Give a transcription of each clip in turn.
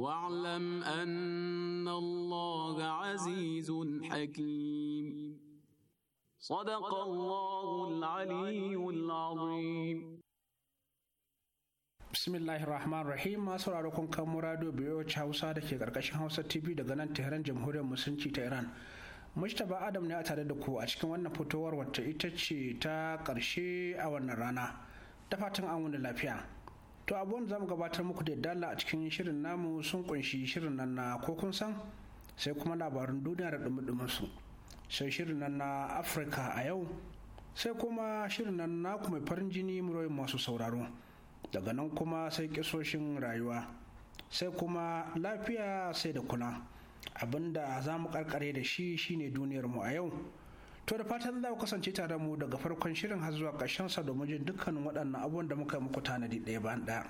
واعلم ان الله عزيز حكيم صدق الله العلي العظيم bismillahir rahmanir rahim masu kun kan murado biyo hausa da ke karkashin hausa tv daga nan tehran jamhuriyar musulunci ta iran mustapha adam ne a tare da ku a cikin wannan fitowar wacce ita ce ta karshe a wannan rana da fatan an wani lafiya to abuwan za mu gabatar muku da dala a cikin shirin namu sun kunshi shirin nan na ko san sai kuma labarin duniya da dumi su sai shirin nan na afirka a yau sai kuma shirin nan na mai farin jini muryoyin masu sauraro daga nan kuma sai kisoshin rayuwa sai kuma lafiya sai da kula abinda za mu karkare da shi shine duniyarmu a yau To da fatan za ku kasance tare mu daga farkon shirin har zuwa sa domin jin dukkanin waɗannan abubuwan da muka muku tanadi ɗaya bayan ɗaya.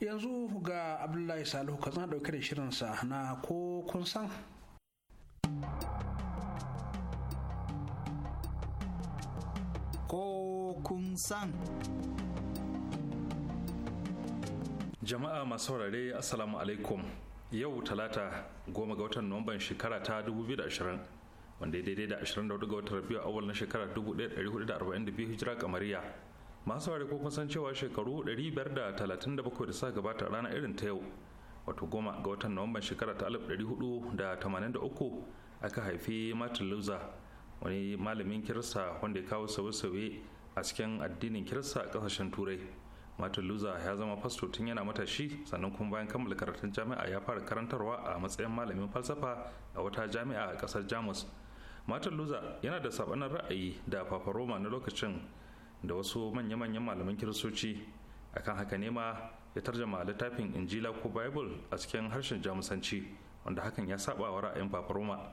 Yanzu ga Abdullahi Salihu ka zana ɗauke da sa na ko kun san. Ko kun san. Jama'a masu saurare Assalamu alaikum. Yau talata goma ga watan Nuwamban shekara ta da 2020 wanda ya daidai da 24 ga watan rabiu awal na shekara 1442 hijira kamariya masu ware ko san cewa shekaru 537 da sa gabata ranar irin ta yau wato goma ga watan nuwamban shekara ta 1483 aka haifi martin luther wani malamin kirista wanda ya kawo sauye-sauye a cikin addinin kirista a kasashen turai martin luther ya zama fasto tun yana matashi sannan kuma bayan kammala karatun jami'a ya fara karantarwa a matsayin malamin falsafa a wata jami'a a kasar jamus martin luther yana da sabanin ra'ayi da papa roma na lokacin da wasu manya-manyan malaman kiristoci akan haka nema ya tarjama littafin injila ko bible a cikin harshen jamusanci wanda hakan ya saba wa ra'ayin papa roma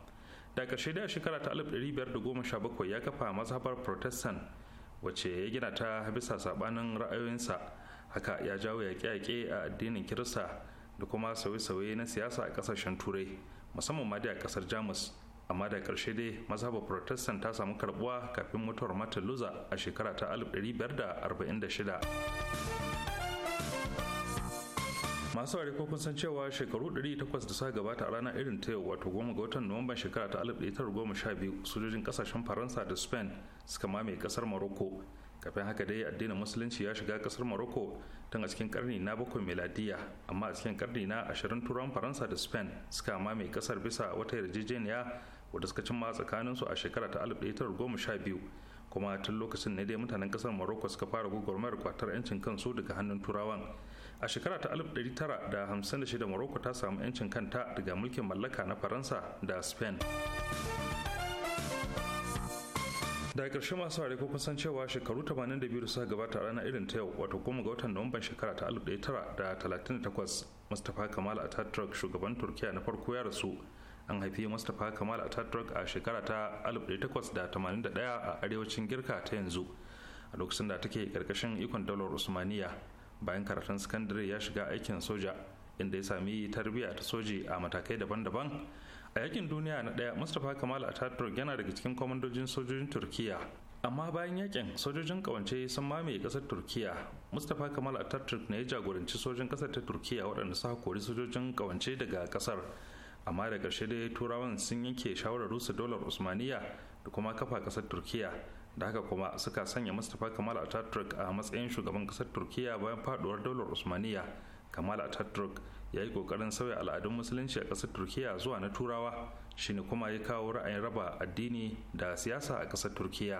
da ƙarshe da shekara ta 1517 ya kafa mazhabar protestant wacce ya gina ta bisa sabanin ra'ayoyinsa haka ya jawo yaƙe-yaƙe a addinin kirista da kuma sauye-sauye na siyasa a ƙasashen turai musamman ma da a ƙasar jamus amma da ƙarshe dai mazhabar protestant ta samu karbuwa kafin mutuwar martin luther a shekara ta 1546 masu ware kun san cewa shekaru 800 da suka gabata a ranar irin ta yau wato goma ga watan nuwamban shekara ta 1912 sojojin kasashen faransa da spain suka mame kasar morocco kafin haka dai addinin musulunci ya shiga kasar morocco tun a cikin karni na bakwai meladiya amma a cikin karni na ashirin turan faransa da spain suka mame kasar bisa wata yarjejeniya wadda suka cimma su a shekara ta 1912 kuma tun lokacin ne dai mutanen kasar morocco suka fara gwagwarmayar kwatar 'yancin kansu daga hannun turawan a shekara ta 1956 morocco ta samu 'yancin kanta daga mulkin mallaka na faransa da spain daga ƙarshe masu ware ko kusan cewa shekaru 82 da suka gabata rana irin ta yau wato goma ga watan nuwamban shekara ta 1938 mustapha kamal atatürk shugaban turkiya na farko ya rasu an haifi mustapha kamal ataturk a shekara ta 1881 a arewacin girka ta yanzu a lokacin da take karkashin ikon daular usmaniya bayan karatun sakandare ya shiga aikin soja inda ya sami tarbiyya ta soji a matakai daban-daban a yakin duniya na daya mustapha kamal ataturk yana daga cikin kwamandojin sojojin turkiya amma bayan yakin sojojin kawance sun mamaye kasar turkiya mustapha kamal ataturk ne ya jagoranci sojin kasar ta turkiya waɗanda suka kori sojojin kawance daga kasar amma da ƙarshe dai turawan sun yanke shawarar rusa dolar usmaniya da kuma kafa ƙasar turkiya da haka kuma suka sanya mustapha kamal ataturk a matsayin shugaban ƙasar turkiya bayan faduwar dolar usmaniya kamal ataturk ya yi ƙoƙarin sauya al'adun musulunci a ƙasar turkiya zuwa na turawa shine kuma ya kawo ra'ayin raba addini da siyasa a ƙasar turkiya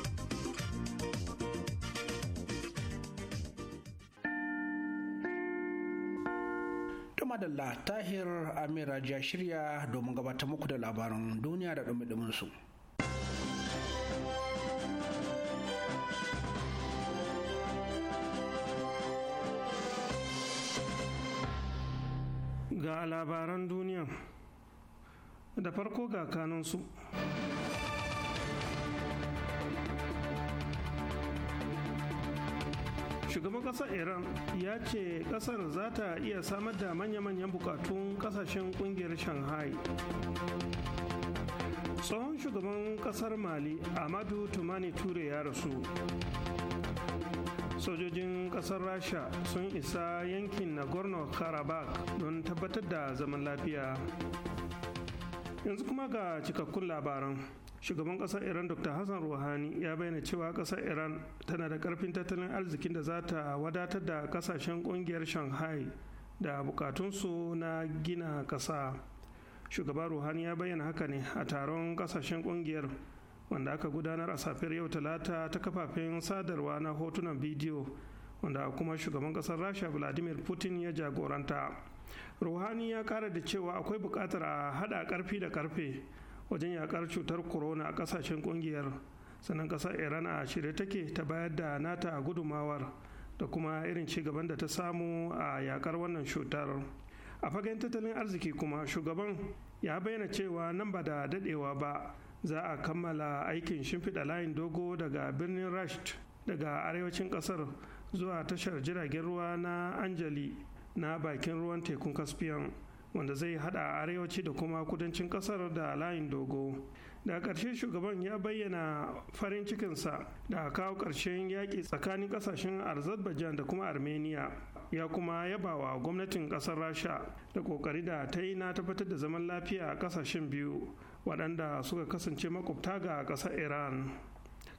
madalla tahir amira ja shirya domin gabata muku da labaran duniya da dumi su. ga labaran duniya da farko ga kanunsu. shugaban kasar iran ya ce kasar za ta iya samar da manya-manyan bukatun kasashen kungiyar shanghai tsohon shugaban kasar mali amadu tumani ture ya rasu sojojin kasar rasha sun isa yankin nagorno-karabakh don tabbatar da zaman lafiya yanzu kuma ga cikakkun labaran shugaban kasar iran dr hassan ruhani ya bayyana cewa kasar iran tana da karfin tattalin arzikin da za ta wadatar da kasashen kungiyar shanghai da bukatunsu na gina kasa shugaba ruhani ya bayyana haka ne a taron kasashen kungiyar wanda aka gudanar a safiyar yau talata ta kafafen sadarwa na hotunan bidiyo wanda kuma shugaban kasar rasha vladimir putin ya jagoranta ruhani ya kara da cewa akwai bukatar a haɗa karfi da karfe wajen yakar cutar corona a kasashen kungiyar sannan kasar iran a shirye take ta bayar da nata a gudumawar da kuma irin ci gaban da ta samu a yakar wannan cutar a fagen tattalin arziki kuma shugaban ya bayyana cewa nan ba da dadewa ba za a kammala aikin shimfiɗa layin dogo daga birnin rasht daga arewacin kasar zuwa tashar jiragen ruwa na anjali na bakin ruwan tekun caspian wanda zai hada arewaci da kuma kudancin kasar da layin dogo da ƙarshe shugaban ya bayyana farin cikinsa da kawo ƙarshen yaƙi tsakanin ƙasashen azerbaijan da kuma armenia ya kuma yabawa gwamnatin ƙasar rasha da ƙoƙari da ta yi na tabbatar da zaman lafiya a ƙasashen biyu waɗanda suka kasance makwabta ga ƙasar iran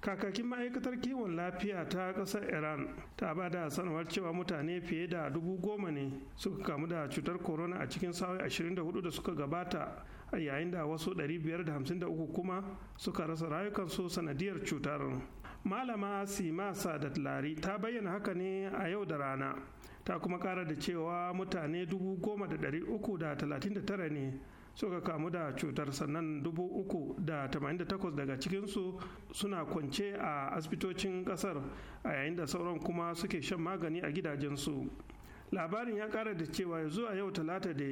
kakakin ma'aikatar kiwon lafiya ta ƙasar iran ta ba da sanarwar cewa mutane fiye da dubu goma ne suka kamu da cutar corona a cikin sa'o'i 24 da suka gabata a yayin da wasu 553 kuma suka rasa rayukansu sanadiyar cutar malama sima sadat lari ta bayyana haka ne a yau da rana ta kuma kara da cewa mutane 10,339 ne suka kamu da cutar sannan dubu uku da tamanin da takwas daga cikinsu suna kwance a asibitocin kasar a yayin da sauran kuma suke shan magani a gidajensu labarin ya kara da cewa zuwa yau talata da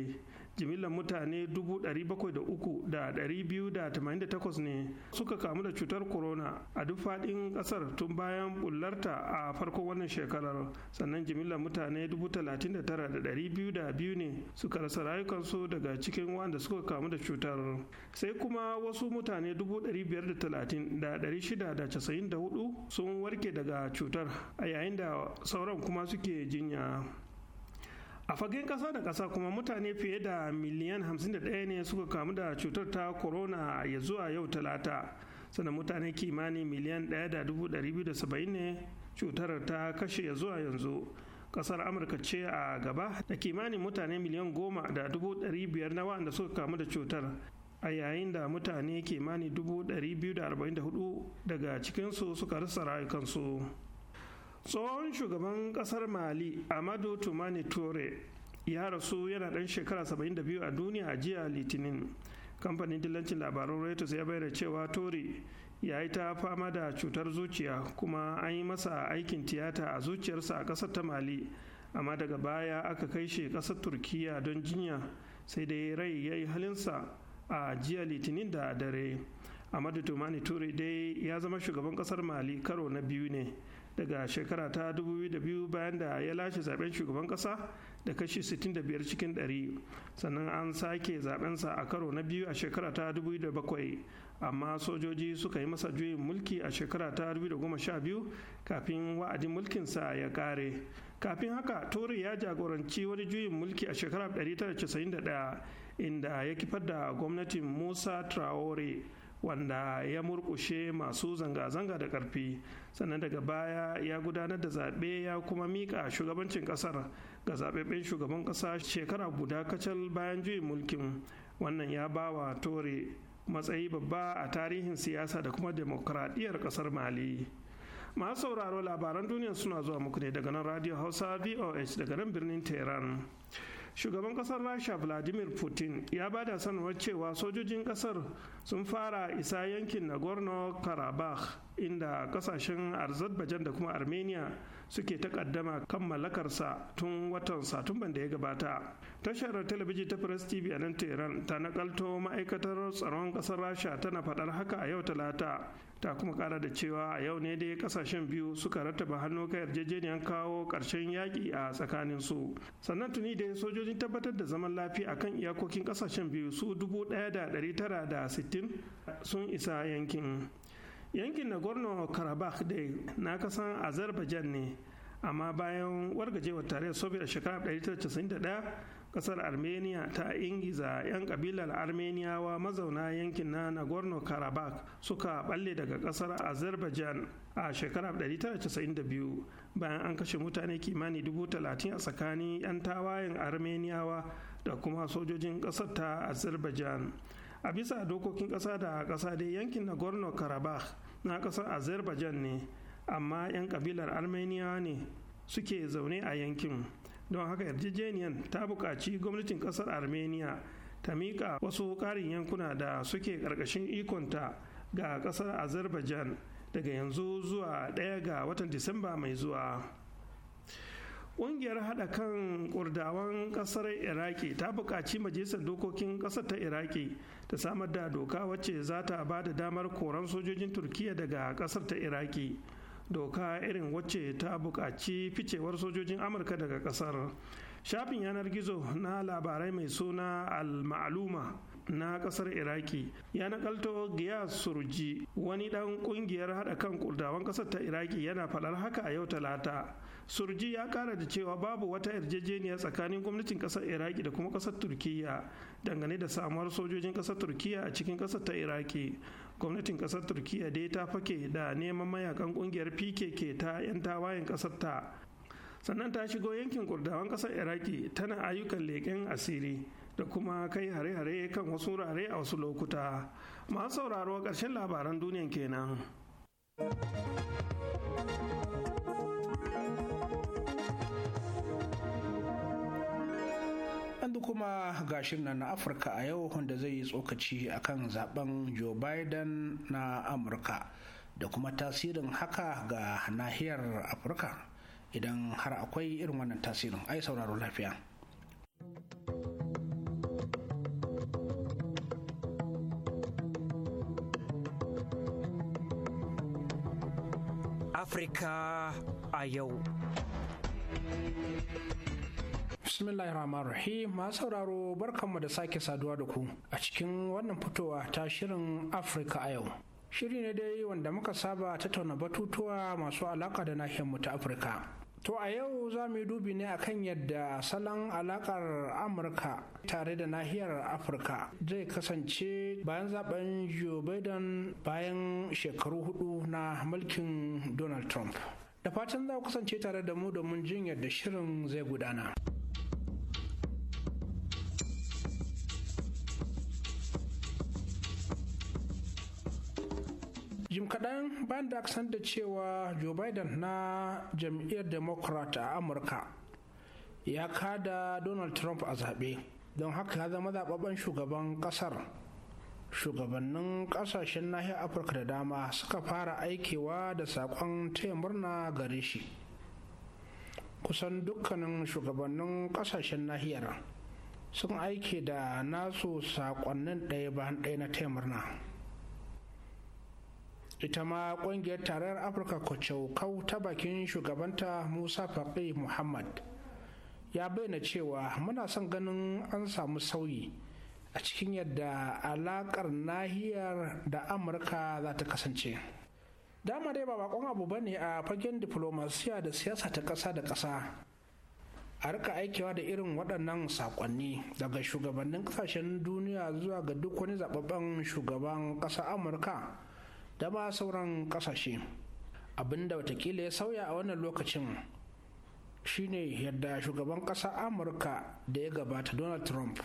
jimillar mutane 703,288 ne suka kamu da cutar corona a duk faɗin ƙasar tun bayan bullarta a farkon wannan shekarar sannan jimillar mutane 39,202 ne suka rasa rayukansu daga cikin wanda suka kamu da cutar sai kuma wasu mutane 530,694 sun warke daga cutar a yayin da sauran kuma suke jinya. a fagen ƙasa da ƙasa kuma mutane fiye da miliyan 51 ne suka kamu da cutar ta corona ya zuwa yau talata sannan mutane kimanin miliyan 1,270 ne cutar ta kashe ya zuwa yanzu kasar amurka ce a gaba da kimanin mutane miliyan goma da dubu ɗari biyar na waɗanda suka kamu da cutar a yayin da mutane kimanin dubu ɗari biyu da arba'in da hudu daga cikinsu suka rasa rayukansu. tsohon shugaban kasar mali amadu tumani Ture ya rasu yana dan shekara 72 a duniya a jiya litinin kamfanin dillancin labarun reuters ya bayyana cewa tori ya yi ta fama da cutar zuciya kuma an yi masa aikin tiyata a zuciyarsa a kasar ta mali amma daga baya aka kai shi kasar turkiya don jinya sai dai rai ya yi halinsa a jiya litinin da dare amadu tumani Ture dai ya zama shugaban kasar mali karo na biyu ne daga shekara ta 2002 bayan da ya lashe zaben shugaban kasa da kashi 65 cikin 100 sannan an sake zabensa a karo na biyu a shekara ta 2007 amma sojoji suka yi masa juyin mulki a shekara ta 2012 kafin wa'adin mulkinsa ya kare kafin haka tori ya jagoranci wani juyin mulki a shekarar 1991 inda ya kifar da gwamnatin musa traore wanda ya murkushe masu zanga-zanga da ƙarfi sannan daga baya ya gudanar da zaɓe ya kuma miƙa shugabancin ƙasar ga zaɓaɓɓen shugaban ƙasa shekara guda kacal bayan juyin mulkin wannan ya ba wa tore matsayi babba a tarihin siyasa da kuma demokradiyyar ƙasar mali masu sauraro labaran duniya suna zuwa muku ne daga nan radio hausa voh daga nan birnin tehran shugaban kasar rasha vladimir putin ya ba da sanarwar cewa sojojin kasar sun fara isa yankin nagorno karabakh inda kasashen azerbaijan da kuma armenia suke takaddama kan mallakarsa tun watan satumban da ya gabata tashar talabijin ta press tv a nan tehran ta nakalto ma'aikatar tsaron kasar rasha tana faɗar haka a yau talata ta kuma kara da cewa a yau ne dai kasashen biyu suka rattaba hannu ka yarjejeniyar kawo ƙarshen yaƙi a tsakanin su sannan tuni dai sojojin tabbatar da zaman lafiya akan iyakokin kasashen biyu su 1960 sun isa yankin yankin nagorno karabakh dai na kasan azerbaijan ne amma bayan wargajewar tarayyar soviet shekarar kasar armenia ta ingiza 'yan kabilar armeniyawa mazauna yankin na nagorno-karabakh suka balle daga kasar azerbaijan a shekarar 1992 bayan an kashe mutane kimani 30,000 a tsakanin 'yan tawayen armeniyawa da kuma sojojin kasar ta azerbaijan a bisa dokokin kasa da kasa dai yankin nagorno-karabakh na kasar azerbaijan ne amma 'yan kabilar armeniyawa ne suke zaune a yankin. don haka yarjejeniyan ta buƙaci gwamnatin ƙasar armenia ta miƙa wasu ƙarin yankuna da suke ƙarƙashin ikonta ga ƙasar azerbaijan daga yanzu zuwa ɗaya ga watan disamba mai zuwa ƙungiyar haɗa kan ƙurdawan ƙasar iraki ta buƙaci majalisar dokokin ƙasar ta iraki ta samar da doka wacce za ta ba da damar koran sojojin turkiya daga ƙasar ta iraki doka irin wacce ta buƙaci ficewar sojojin amurka daga ƙasar shafin yanar gizo na labarai mai suna al-ma'aluma na ƙasar iraki ya nakalto giyas surji wani ɗan ƙungiyar haɗa kan kurdawan ƙasar ta iraki yana faɗar haka a yau talata surji ya ƙara da cewa babu wata yarjejeniya tsakanin gwamnatin ƙasar iraki da kuma ƙasar Turkiyya dangane da samuwar sojojin ƙasar Turkiyya a cikin ƙasar ta iraki gwamnatin kasar turkiya dai ta fake da neman mayakan kungiyar pkk ta 'yan tawayen kasar ta sannan ta shigo yankin kurdawan kasar iraki tana ayyukan leƙen asiri da kuma kai hare-hare kan wasu wurare a wasu lokuta masu sauraro ƙarshen labaran duniyan kenan yanzu kuma ga na afirka a yau wanda zai yi tsokaci akan zaben joe biden na amurka da kuma tasirin haka ga nahiyar afirka idan har akwai irin wannan tasirin ai sauraro lafiya afirka a yau bismillahir rahmanir rahim masu sauraro barkanmu da sake saduwa da ku a cikin wannan fitowa ta shirin afirka a yau shiri ne dai wanda muka saba tattauna batutuwa masu alaka da nahiyarmu ta afirka to a yau za mu yi dubi ne akan yadda salon alakar amurka tare da nahiyar afirka zai kasance bayan zaben joe biden bayan shekaru hudu na mulkin donald trump da fatan za ku kasance tare da mu domin jin yadda shirin zai gudana. kaɗan bayan da aka san da cewa joe biden na jam'iyyar democrat a amurka ya kada donald trump a zaɓe don haka ya zama zaɓaɓɓen shugaban ƙasar shugabannin ƙasashen nahiyar afirka da dama suka fara aikewa da saƙon taya murna gare shi kusan dukkanin shugabannin ƙasashen nahiyar sun aike da nasu saƙonnin ɗaya bayan ɗaya na taya murna ita ma kungiyar tarayyar afirka kwacau ta bakin shugabanta musa faƙi muhammad ya bayyana cewa muna son ganin an samu sauyi a cikin yadda alakar nahiyar da amurka za ta kasance dama dai ba bakon abu ba ne a fagen diplomasiya da siyasa ta ƙasa da ƙasa a rika aikewa da irin waɗannan saƙonni daga shugabannin ƙasashen duniya zuwa ga duk wani zababben shugaban ƙasa amurka da ma sauran kasashe abinda watakila ya sauya a wannan lokacin shine yadda shugaban kasa amurka da ya gabata donald trump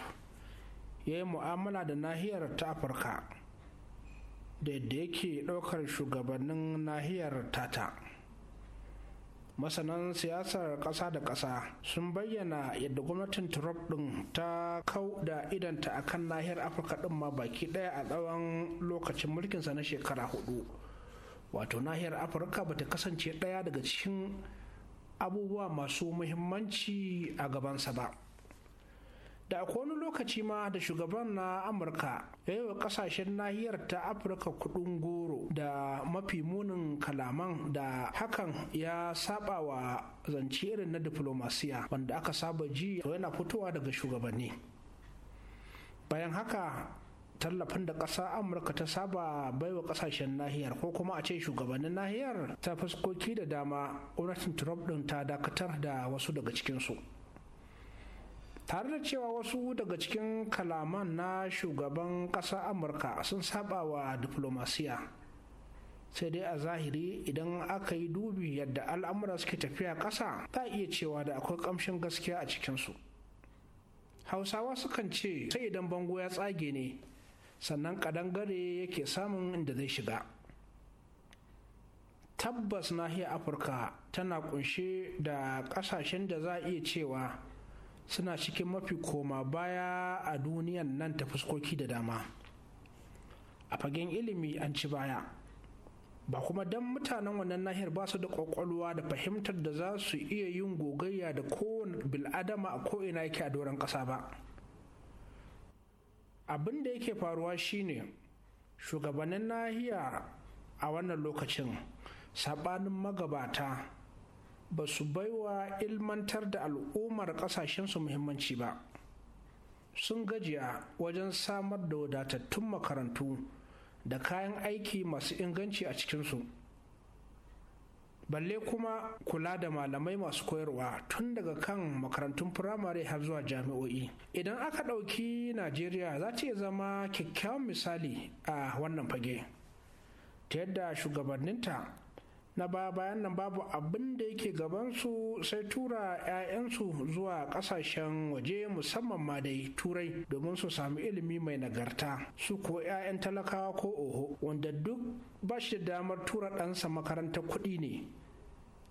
ya yi mu'amala da nahiyar ta afirka da yadda yake ɗaukar shugabannin nahiyar tata. masanan siyasar ƙasa da ƙasa sun bayyana yadda gwamnatin trump ɗin ta kau da idanta a kan nahiyar afirka ɗin ma baki ɗaya a tsawon lokacin mulkinsa na shekara hudu wato nahiyar afirka ba ta kasance ɗaya daga cikin abubuwa masu muhimmanci a gabansa ba da a wani lokaci ma da shugaban na amurka ya yi wa kasashen nahiyar ta afirka kudin goro da mafi munin kalaman da hakan ya saba wa zance irin na diplomasiya wanda aka saba ji to yana fitowa daga shugabanni bayan haka tallafin da ƙasa amurka ta saba baiwa ƙasashen nahiyar ko kuma a ce shugabannin nahiyar ta fuskoki da dama gwamnatin trump ɗin ta dakatar da wasu daga cikinsu tare da cewa wasu daga cikin kalaman na shugaban ƙasa amurka sun saba wa diflomasiya sai dai a zahiri idan aka yi dubi yadda al'amura suke tafiya ƙasa ta iya cewa da akwai ƙamshin gaskiya a cikinsu hausawa sukan ce sai idan bango ya tsage ne sannan kadangare yake samun inda zai shiga tabbas nahiyar afirka tana kunshe da kasashen da za a iya cewa suna cikin mafi koma baya a duniyan nan ta fuskoki da dama a fagen ilimi an ci baya ba kuma don mutanen wannan nahiyar ba su da kwakwalwa da fahimtar da za su iya yin gogayya da kowane bil'adama a ko'ina yake a doron ƙasa ba abin da yake faruwa shine shugabannin nahiya a wannan lokacin saɓanin magabata ba su baiwa ilmantar da al'ummar ƙasashensu muhimmanci ba sun gajiya wajen samar da wadatattun makarantu da kayan aiki masu inganci a cikinsu balle kuma kula da malamai masu koyarwa tun daga kan makarantun firamare har zuwa jami'o'i idan aka ɗauki najeriya za ta zama kyakkyawan misali a wannan fage ta yadda shugabanninta na ba bayan nan babu abin da yake gabansu sai tura 'ya'yansu zuwa kasashen waje musamman ma dai turai domin su sami ilimi mai nagarta su ko 'ya'yan talakawa ko oho wanda duk ba shi da damar tura ɗansa makarantar kuɗi ne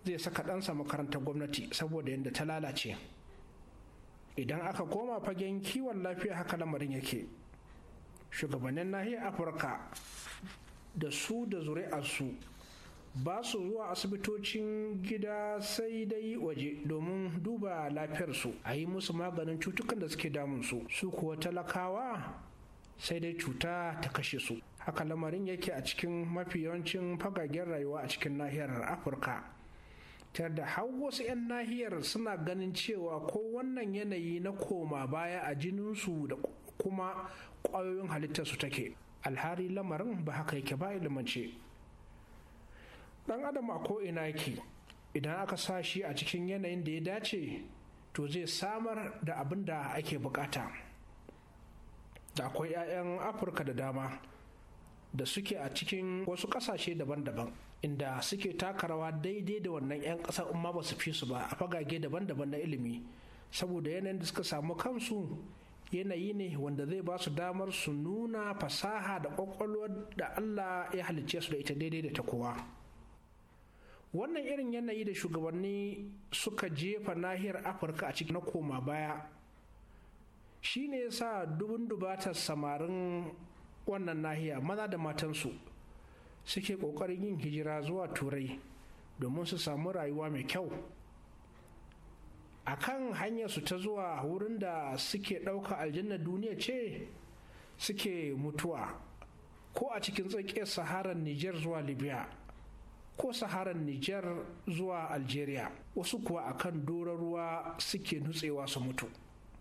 zai saka ɗansa makarantar gwamnati saboda yadda ta lalace idan aka koma fagen kiwon lafiya haka lamarin yake shugabannin nahiyar afirka da su da zuri'arsu ba su zuwa asibitocin gida sai dai waje domin duba lafiyarsu a yi musu maganin cutukan da suke damun su su kuwa talakawa sai dai cuta ta kashe su haka lamarin yake a cikin mafi yawancin fagagen rayuwa a cikin nahiyar afirka ta da har wasu 'yan nahiyar suna ganin cewa ko wannan yanayi na koma baya a jininsu da kuma ƙwayoyin halittarsu take alhari lamarin ba haka yake ba ilimance dan adam a ko'ina yake idan aka sa shi a cikin yanayin da ya dace to zai samar da abin da ake bukata da akwai 'ya'yan afirka da dama da suke a cikin wasu kasashe daban-daban inda suke taka rawa daidai da wannan 'yan ƙasa umma ba su fi su ba a fagage daban-daban na ilimi saboda yanayin da suka samu kansu yanayi ne wanda zai ba su damar su nuna fasaha da ƙwaƙwalwar da allah ya halicce su da ita daidai da ta kowa wannan irin yanayi da shugabanni suka jefa nahiyar afirka a ciki na koma baya shi ne ya sa dubin dubatar samarin wannan nahiya maza da matansu suke ƙoƙarin yin hijira zuwa turai domin su samu rayuwa mai kyau a kan hanyarsu ta zuwa wurin da suke ɗauka aljanna duniya ce suke mutuwa ko a cikin tsakiyar saharar niger zuwa libya ko saharan Nijar zuwa Algeria wasu kuwa akan doron ruwa suke nutsewa su mutu.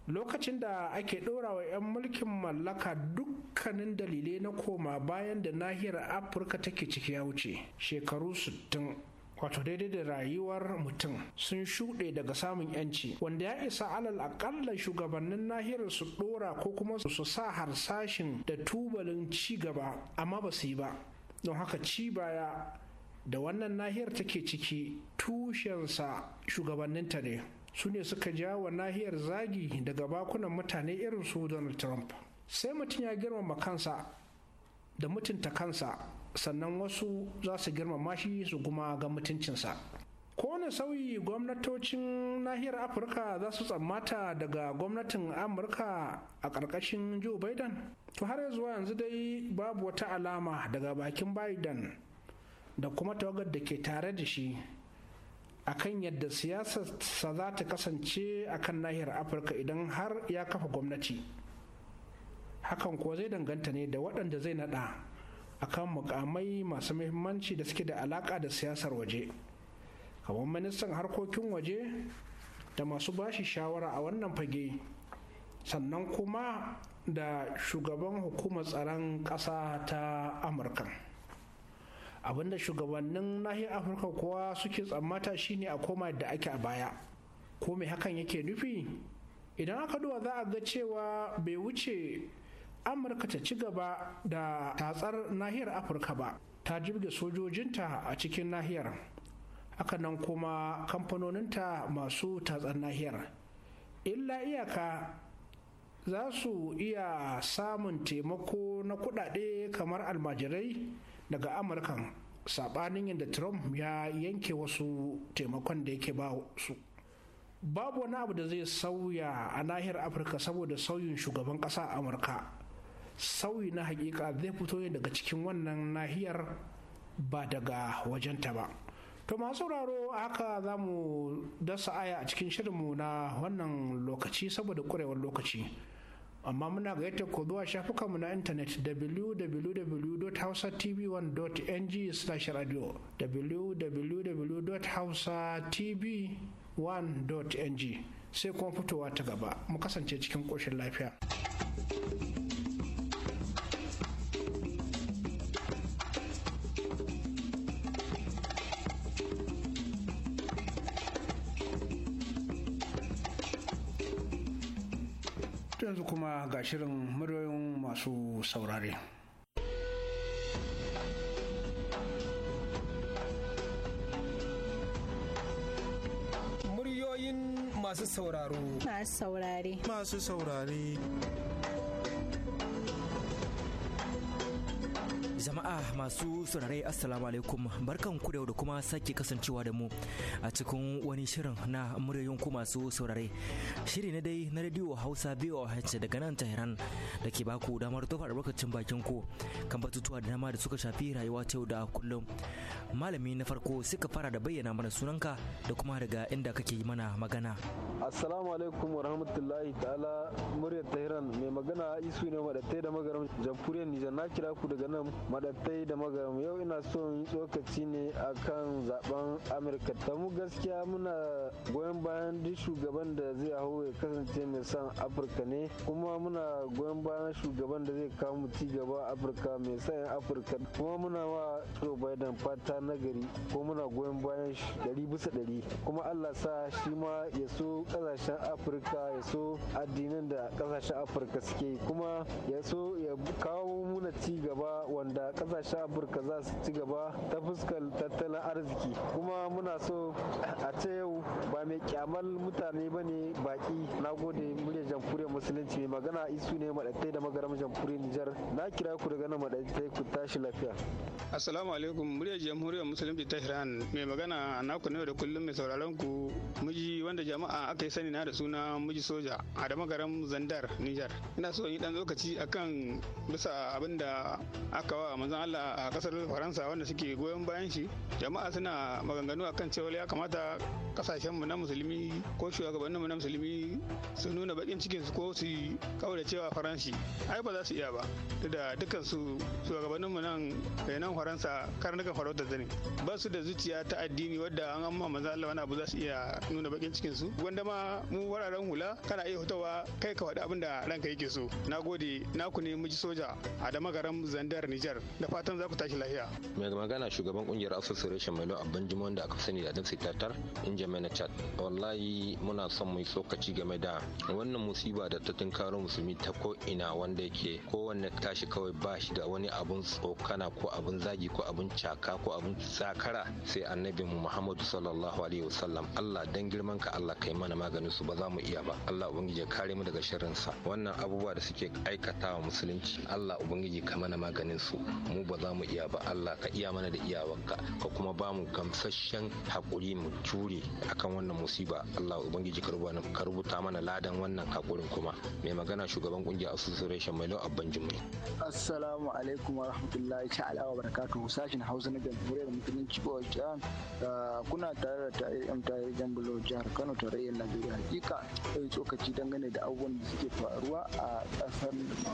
Lokacin da ake ɗorawa 'yan mulkin mallaka dukkanin dalilai na koma bayan da nahiyar Afirka take ciki ya wuce shekaru sittin. wato daidai da rayuwar mutum sun shuɗe daga samun yanci wanda ya isa alal aƙalla shugabannin nahiyar su ɗora ko kuma su sa harsashin da tubalin ci gaba amma ba su yi ba don haka ci baya da wannan nahiyar take ciki tushensa shugabanninta ne su ne suka jawo nahiyar zagi daga bakunan mutane irin su donald trump sai mutum ya girmama kansa da mutunta kansa sannan wasu za su girmama shi su kuma ga mutuncinsa kone sauyi gwamnatocin nahiyar afirka za su tsammata daga gwamnatin amurka a ƙarƙashin joe biden to har zuwa yanzu dai babu wata alama daga bakin biden da kuma tawagar da ke tare da shi akan yadda siyasarsa za ta kasance a kan nahiyar afirka idan har ya kafa gwamnati hakan kuwa zai danganta ne da waɗanda zai naɗa akan mukamai masu muhimmanci da suke da alaƙa da siyasar waje kamar ministan harkokin waje da masu bashi shawara a wannan fage sannan kuma da shugaban hukumar tsaron ƙasa ta amurka. abinda shugabannin nahiyar afirka kuwa suke tsammata shine a koma da ake a baya ko me hakan yake nufi idan aka duba za a ga cewa bai wuce amurka ta ci gaba da tatsar nahiyar afirka ba ta jirge sojojinta a cikin nahiyar hakanan kuma kamfanoninta masu tatsar nahiyar illa iyaka za su iya samun taimako na kudade kamar almajirai daga amurkan saɓanin yadda trump ya yanke wasu taimakon da yake ba su babu wani abu da zai sauya a nahiyar afirka saboda sauyin shugaban ƙasa amurka sauyi na hakika zai fito ne daga cikin wannan nahiyar ba daga wajenta ba to masu sauraro haka za mu dasa aya a cikin shirinmu na wannan lokaci saboda ƙwarewar lokaci amma muna gayyata ku zuwa shafukanmu na intanet www.hausatv1.ng/radio www.hausatv1.ng sai kuma fitowa ta gaba mu kasance cikin koshin lafiya. ga shirin muryoyin masu saurare. Muryoyin masu sauraro. Masu saurare. Masu saurare. Jama'a masu saurare Assalamu alaikum barkan ku da yau da kuma sake kasancewa da mu a cikin wani shirin na muryoyin ku masu saurare. Shiri na dai na Radio Hausa BOH daga nan Tehran da ke baku damar tofa albarkacin bakin ku kan batutuwa da dama da suka shafi rayuwa ta yau da kullum. Malami na farko suka fara da bayyana mana sunanka da kuma daga inda kake yi mana magana. Assalamu alaikum wa rahmatullahi ta'ala muryar Tehran mai magana isu ne madatai da magaram jamhuriyar Nijar na kira ku daga nan madattai da magaram yau ina so yi tsokaci ne kan zaben amurka ta mu gaskiya muna goyon bayan duk shugaban da zai hau ya kasance mai san afirka ne kuma muna goyon bayan shugaban da zai kawo ci gaba afirka mai sayan afirka kuma muna wa joe biden fata na gari ko muna goyon bayan shi bisa ɗari kuma allah sa shi ma ya so kasashen afirka ya so addinin da kasashen afirka suke kuma ya so ya kawo muna ci gaba wanda da kasashen afirka za su ci gaba ta fuskar tattalin arziki kuma muna so a ce yau ba mai kyamal mutane ba ne baki na gode muryar jamhuriyar musulunci mai magana isu ne maɗatai da magaram jamhuriyar nijar na kira ku daga nan maɗatai ku tashi lafiya assalamu alaikum muryar jamhuriyar musulunci ta iran mai magana na ku ne da kullum mai sauraron ku miji wanda jama'a aka yi sani na da suna miji soja a da magaram zandar nijar ina so in yi dan lokaci akan bisa abin da aka wa wa manzon Allah a kasar Faransa wanda suke goyon bayan shi jama'a suna maganganu akan cewa ya kamata kasashen mu na musulmi ko shugabannin mu na musulmi su nuna bakin cikin su ko su kaura cewa faranshi ai ba za su iya ba da dukkan su shugabannin mu nan nan Faransa karnukan farautar zane ba su da zuciya ta addini wadda an amma manzon Allah wani abu za su iya nuna bakin cikin su wanda ma mu wararen hula kana iya hutawa kai ka faɗi abinda da ranka yake so nagode naku ne miji soja a da zandar Nijar da fatan za ku tashi lahiya. Mai magana shugaban kungiyar association mai abban jimo da aka sani da Adamsi Sitatar in Jamaica Chad. Wallahi muna son mu yi tsokaci game da wannan musiba da ta tunkaro musulmi ta ko ina wanda yake kowanne tashi kawai ba shi da wani abun tsokana ko abun zagi ko abun caka ko abun sakara sai annabi mu Muhammadu sallallahu alaihi wasallam Allah dan girman ka Allah kai mana maganin su ba za mu iya ba. Allah ubangiji ya kare mu daga shirinsa. sa. Wannan abubuwa da suke aikatawa musulunci Allah ubangiji ka mana maganin su. mu ba za mu iya ba Allah ka iya mana da iyawanka ka kuma ba mu gamsasshen haƙuri mu jure akan wannan musiba Allah ubangiji ka rubuta mana ladan wannan haƙurin kuma mai magana shugaban kungiyar association mai lau abban juma'i. assalamu alaikum wa rahmatullahi ta'ala wa barakatuhu sashin hausa na jamhuriyar mutumin cibiyar jihar kuna tare da ta'ayyar jan bulo jihar kano tarayyar najeriya hakika sai tsokaci dangane da abubuwan da suke faruwa a kasar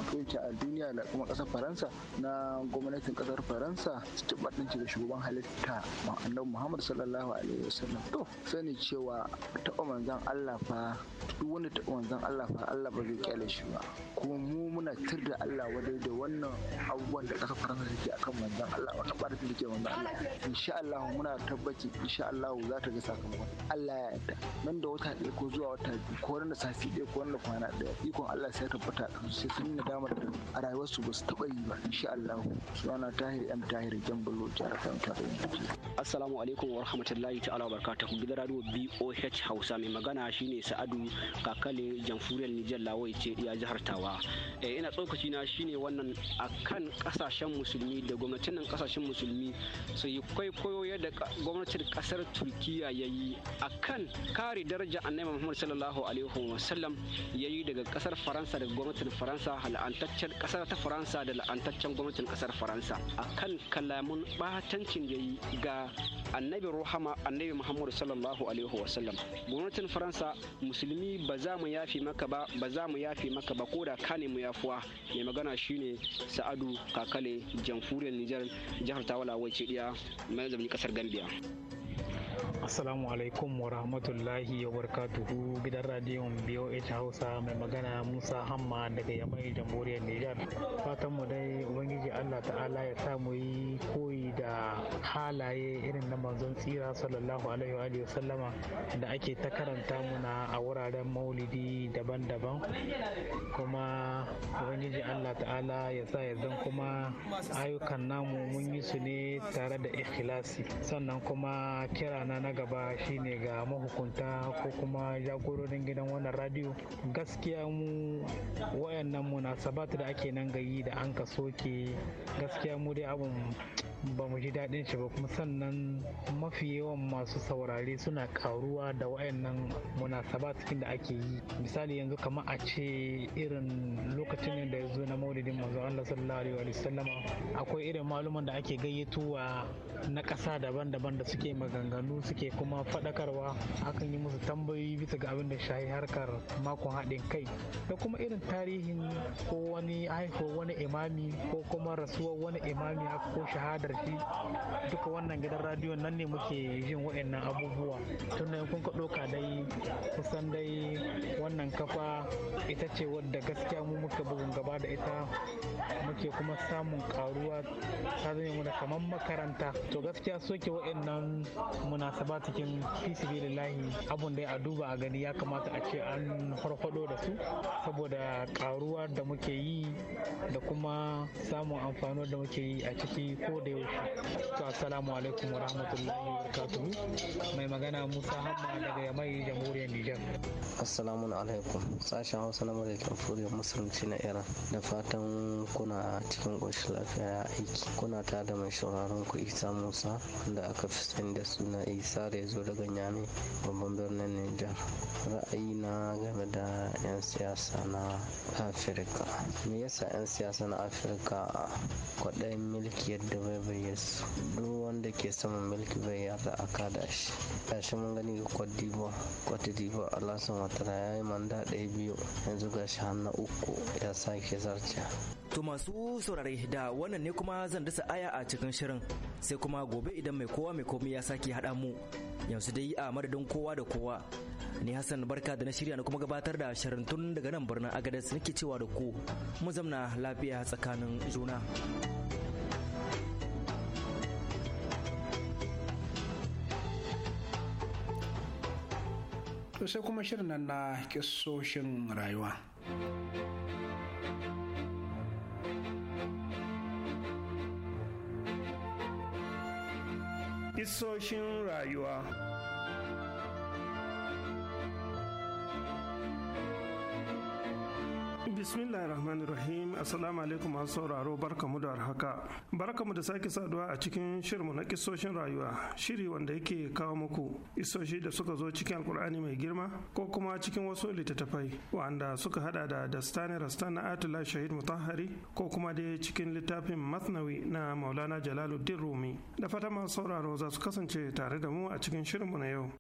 turanci a duniya da kuma kasar faransa na gwamnatin kasar faransa su ci baɗin ga shugaban halitta ma'anar Muhammadu sallallahu alaihi wasallam to sani cewa taɓa manzan allah fa duk wanda taɓa manzan allah fa allah ba zai kyale shi ba kuma mu muna tir da allah wadai da wannan abubuwan da kasar faransa take akan manzan allah wata ɓarfin da ke manzan allah insha allah muna tabbaci insha allah za ta ga sakamako allah ya yarda nan da wata ɗaya ko zuwa wata biyu ko wanda sati ɗaya ko wanda kwana ɗaya ikon allah sai ya tabbata sai sun nadamar a rayuwarsu ba su taɓa yi ba insha allah suna Tahir M Tahir Jambulo jihar Kanta da Yanzu. Assalamu alaikum wa rahmatullahi ta'ala wa barakatuhu. Gidan radio BOH Hausa mai magana shine Sa'adu Kakale Jamhuriyar Nijar Lawai ce iya jihar Tawa. Eh ina tsokaci na shine wannan akan kasashen musulmi da gwamnatin nan kasashen musulmi su yi kwaikwayo yadda gwamnatin kasar Turkiya ya yi akan kare daraja Annabi Muhammad sallallahu alaihi wa sallam yayi daga kasar Faransa daga gwamnatin Faransa la'antaccen kasar ta Faransa da la'antaccen gwamnatin kasar kasar faransa a kan kalamun batancin ya yi ga annabi ruhama annabi muhammadu sallallahu alaihi wasallam gwamnatin faransa musulmi ba za mu yafi maka ba ba za mu yafi maka ba ko da kane mu yafuwa mai magana shine sa'adu kakale jamhuriyar nijar jihar tawala wace ce diya mai kasar gambia Assalamu alaikum wa rahmatullahi wa barakatuhu gidan radiyon BOH Hausa mai magana Musa Hamma daga Yamai Jamhuriyar Nijar. Fatan mu dai Ubangiji Allah Ta'ala ya sa mu yi koyi da halaye irin na manzon tsira sallallahu alaihi wa sallama da ake ta karanta muna a wuraren maulidi daban-daban kuma Ubangiji Allah Ta'ala ya sa ya zan kuma ayyukan namu mun yi su ne tare da ikhlasi sannan kuma kira na gaba shine ga mahukunta ko kuma jagororin gidan wannan radio gaskiya mu wayannan munasabat da ake nan gayi da an ka soke gaskiya mu dai abun ba mu ji daɗin shi ba kuma sannan mafi yawan masu saurare suna karuwa da wayannan munasaba da ake yi misali yanzu kamar a ce irin lokacin da ya zo na maulidin manzo Allah sallallahu alaihi wa sallama akwai irin maluman da ake gayyatowa na kasa daban-daban da suke maganganu suke kuma faɗakarwa akan yi musu tambayoyi bisa ga abin da shayi harkar makon haɗin kai da kuma irin tarihin ko wani aiko wani imami ko kuma rasuwar wani imami ko shahadar shi duka wannan gidan radiyo nan ne muke yin waɗannan abubuwa tun da kun ka ɗauka dai kusan dai wannan kafa ita ce wadda gaskiya mu muka bugun gaba da ita muke kuma samun karuwa ta zama da kamar makaranta to gaskiya soke waɗannan munasab ba cikin fisibilillahi abun dai a duba a gani ya kamata a ce an farfado da su saboda karuwa da muke yi da kuma samun amfano da muke yi a ciki ko da yaushe to assalamu alaikum wa rahmatullahi wa barakatuhu mai magana musa hamma daga yamai jamhuriyar nijar assalamu alaikum sashen hausa na mai jamhuriyar musulunci na iran da fatan kuna cikin ƙoshin lafiya aiki kuna ta da mai shauraron ku isa musa da aka fi sani da suna isa Mukhtar ya zo daga Nyame babban birnin Nijar. na game da 'yan siyasa na Afirka. Me yasa 'yan siyasa na Afirka kwaɗayin milki yadda bai bayyana Duk wanda ke saman milki bai yarda a da shi. Gashi mun gani ga Cote d'Ivoire. Cote d'Ivoire Allah sun ya yi manda ɗaya biyu yanzu gashi har na uku ya sake zarce. To masu saurare da wannan ne kuma zan dasa aya a cikin shirin sai kuma gobe idan mai kowa mai komai ya sake haɗa mu yanzu dai a madadin kowa da kowa. Ni Hassan barka da na shirya na kuma gabatar da shirin tun daga nan birnin Agadez nake cewa da ku mu zamna lafiya tsakanin juna. To sai kuma shirin nan na kisoshin rayuwa. Isoshin rayuwa bismillah rahman rahim assalamu alaikum masu sauraro barkamu da haka mu da sake saduwa a cikin shirmu na kisoshin rayuwa shiri wanda yake kawo muku isoshi da suka zo cikin alkur'ani mai girma ko kuma cikin wasu littattafai wanda suka hada da dastani rastan na atula shahid mutahari ko kuma dai cikin littafin masnawi na maulana jalaluddin rumi da fata masu sauraro za su kasance tare da mu a cikin shirinmu na yau.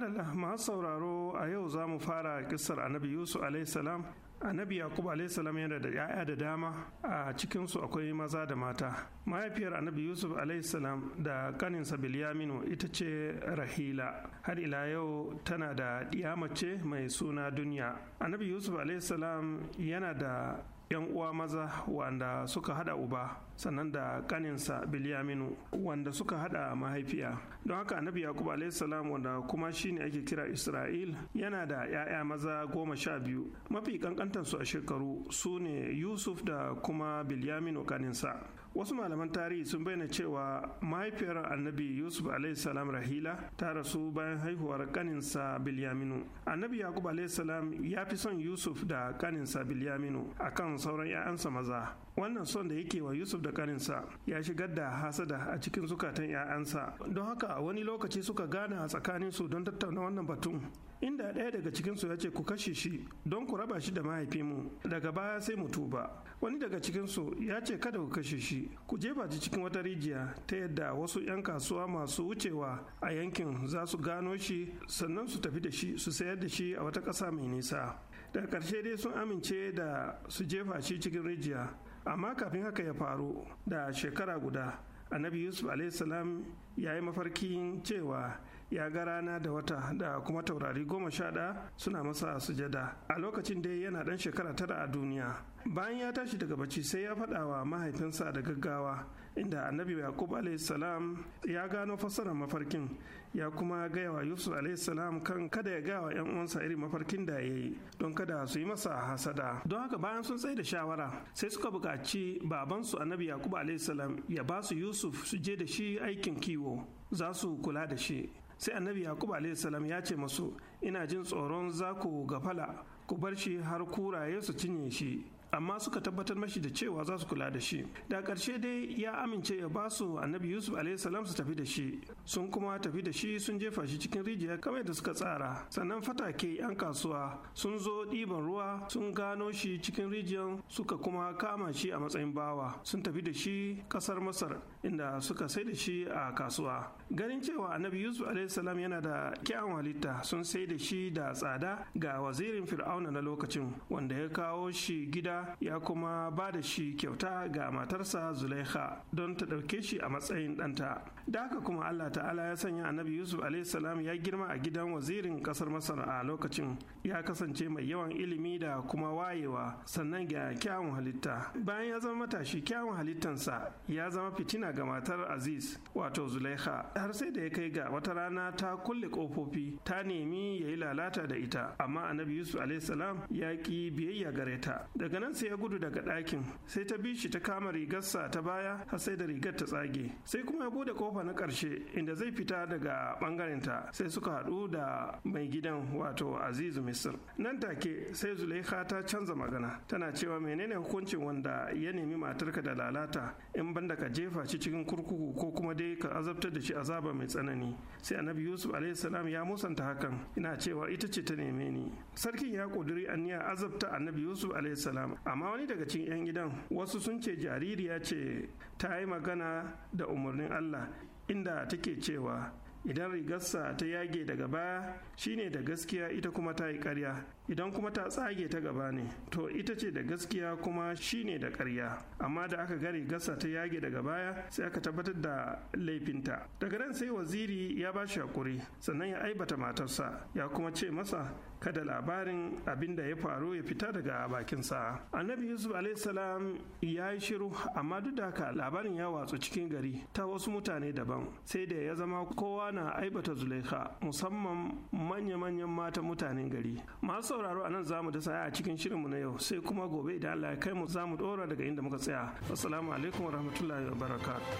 madalla masu sauraro a yau za mu fara kisar annabi yusuf salam annabi yakub salam yana da ya'ya da dama a cikinsu akwai maza da mata mahaifiyar annabi yusuf salam da kaninsa bilyaminu ita ce rahila har ila yau tana da mace mai suna duniya annabi yusuf salam yana da yan uwa maza wanda suka hada uba sannan da kaninsa bilyaminu wanda suka hada mahaifiya don haka annabi yakub salam wanda kuma shine ake kira isra'il yana da 'ya'ya maza goma sha biyu mafi kankantansu a shekaru su ne yusuf da kuma bilyaminu kaninsa wasu malaman tarihi sun bayyana cewa mahaifiyar annabi yusuf salam rahila ta rasu bayan haihuwar kaninsa bilyaminu annabi yakub salam ya fi son yusuf da kaninsa bilyaminu akan sauran 'ya'yansa maza wannan son da yake wa yusuf da kaninsa ya shigar da hasada a cikin zukatan 'ya'yansa don haka wani lokaci suka gane a tsakaninsu don tattauna wannan batun inda ɗaya daga cikinsu ya ce ku kashe shi don ku raba shi da mahaifinmu daga baya sai mu tuba wani daga cikinsu ya ce kada ku kashe shi ku jefa shi cikin wata rijiya ta yadda wasu 'yan kasuwa masu wucewa a yankin za su gano shi sannan su tafi da shi su sayar da shi a wata ƙasa mai nisa daga ƙarshe dai sun amince da su jefa shi cikin rijiya amma kafin haka ya faru da shekara guda annabi yusuf salam ya yi mafarkin cewa ya ga rana da wata da kuma taurari goma sha ɗaya suna masa sujada a lokacin dai yana ɗan shekara tara a duniya bayan ya tashi daga bacci sai ya faɗa wa mahaifinsa da gaggawa inda annabi yaqub alaihissalam ya gano fassarar mafarkin ya kuma gaya wa yusuf alaihissalam kan kada ya gaya wa yan uwansa irin mafarkin da ya yi don kada su yi masa hasada don haka bayan sun tsaye da shawara sai suka buƙaci babansu annabi yaqub alaihissalam ya ba su yusuf su je da shi aikin kiwo za su kula da shi sai annabi yaqub alaihi salam ya ce masu ina jin tsoron za ku gafala ku bar shi har kuraye su cinye shi amma suka tabbatar mashi da cewa za su kula da shi da ƙarshe dai ya amince ya basu annabi yusuf alaihissalam su tafi da shi sun kuma tafi da shi sun jefa shi cikin rijiya kamar da suka tsara sannan fata ke yan kasuwa sun zo ɗiban ruwa sun gano shi cikin rijiyar suka kuma kama shi a matsayin bawa sun tafi da shi ƙasar masar inda suka sai da shi a kasuwa ganin cewa annabi yusuf alaihissalam yana da kyawun halitta sun sai da shi da tsada ga wazirin fir'auna na lokacin wanda ya kawo shi gida ya kuma ba da shi kyauta ga matarsa Zulaiha don ta ɗauke shi a matsayin ɗanta. Da haka kuma Allah ta'ala ya sanya annabi Yusuf salam ya girma a gidan wazirin ƙasar Masar a lokacin ya kasance mai yawan ilimi da kuma wayewa sannan ga kyawun halitta. Bayan ya zama matashi kyawun halittansa ya zama fitina ga matar Aziz wato Zulaiha har sai da ya kai ga wata rana ta kulle kofofi ta nemi ya yi lalata da ita amma annabi Yusuf salam ya ki biyayya gare ta. Daga nan kansa ya gudu daga ɗakin sai ta bi shi ta kama rigarsa ta baya har sai da rigar ta tsage sai kuma ya bude kofa na ƙarshe inda zai fita daga ɓangarenta sai suka haɗu da mai gidan wato azizu misir nan take sai zulaiha ta canza magana tana cewa menene hukuncin wanda ya nemi matarka da lalata in banda ka jefa shi cikin kurkuku ko kuma dai ka azabtar da shi azaba mai tsanani sai annabi yusuf alaihissalam ya musanta hakan ina cewa ita ce ta neme ni sarkin ya ƙuduri aniya azabta annabi yusuf alaihissalam amma wani daga cikin 'yan gidan wasu sun ce jaririya ce ta yi magana da umarnin allah inda take cewa idan rigarsa ta yage daga baya shine da gaskiya ita kuma ta yi karya idan kuma ta tsage ta gaba ne to ita ce da gaskiya kuma shine da ƙarya amma da aka gare gasa ta yage daga baya sai aka tabbatar da laifinta daga nan sai waziri ya ba shi hakuri sannan ya aibata matarsa ya kuma ce masa kada labarin abin da ya faru ya fita daga bakinsa annabi yusuf salam ya yi shiru amma duk da haka labarin ya watsu cikin gari ta wasu mutane daban sai da ya zama kowa na aibata zulaiha musamman manya-manyan mata mutanen gari masu sauraro a nan zamu da saya a cikin mu na yau sai kuma gobe idan Allah ya kai mu zamu dora daga inda muka tsaya. Assalamu alaikum warahmatullahi wabarakatuh.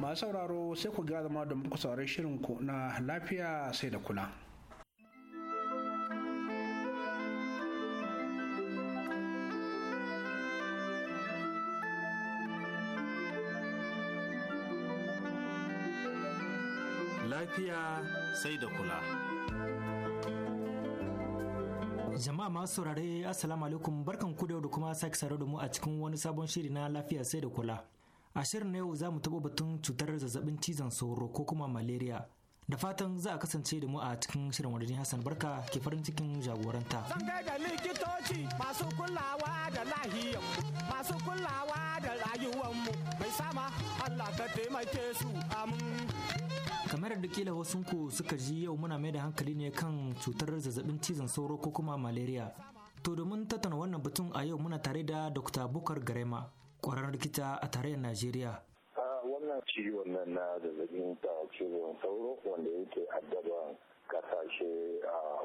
masu sauraro sai ku ga ma da muku saurari shirinku na lafiya sai da kula. lafiya sai da kula. Jama'a masu saurare Assalamu alaikum barkan ku da kuma sake saurare da mu a cikin wani sabon shiri na lafiya sai da kula. A shirin na yau za mu taɓa batun cutar zazzabin cizon sauro ko kuma malaria. da fatan za a kasance da mu a cikin shirin wadannin hassan barka ke farin cikin jagoranta zan kai da likitoci masu kulawa da lahiyar masu kulawa da rayuwar mu mai sama allah ka taimake su amin kamar da kila wasu ku suka ji yau muna mai da hankali ne kan cutar zazzabin cizon sauro ko kuma malaria to domin tattauna wannan batun a yau muna tare da dr bukar garema kwararren likita a tarayyar najeriya wannan ciwon nan na zazzabin cizon sauro wanda yake addaba kasashe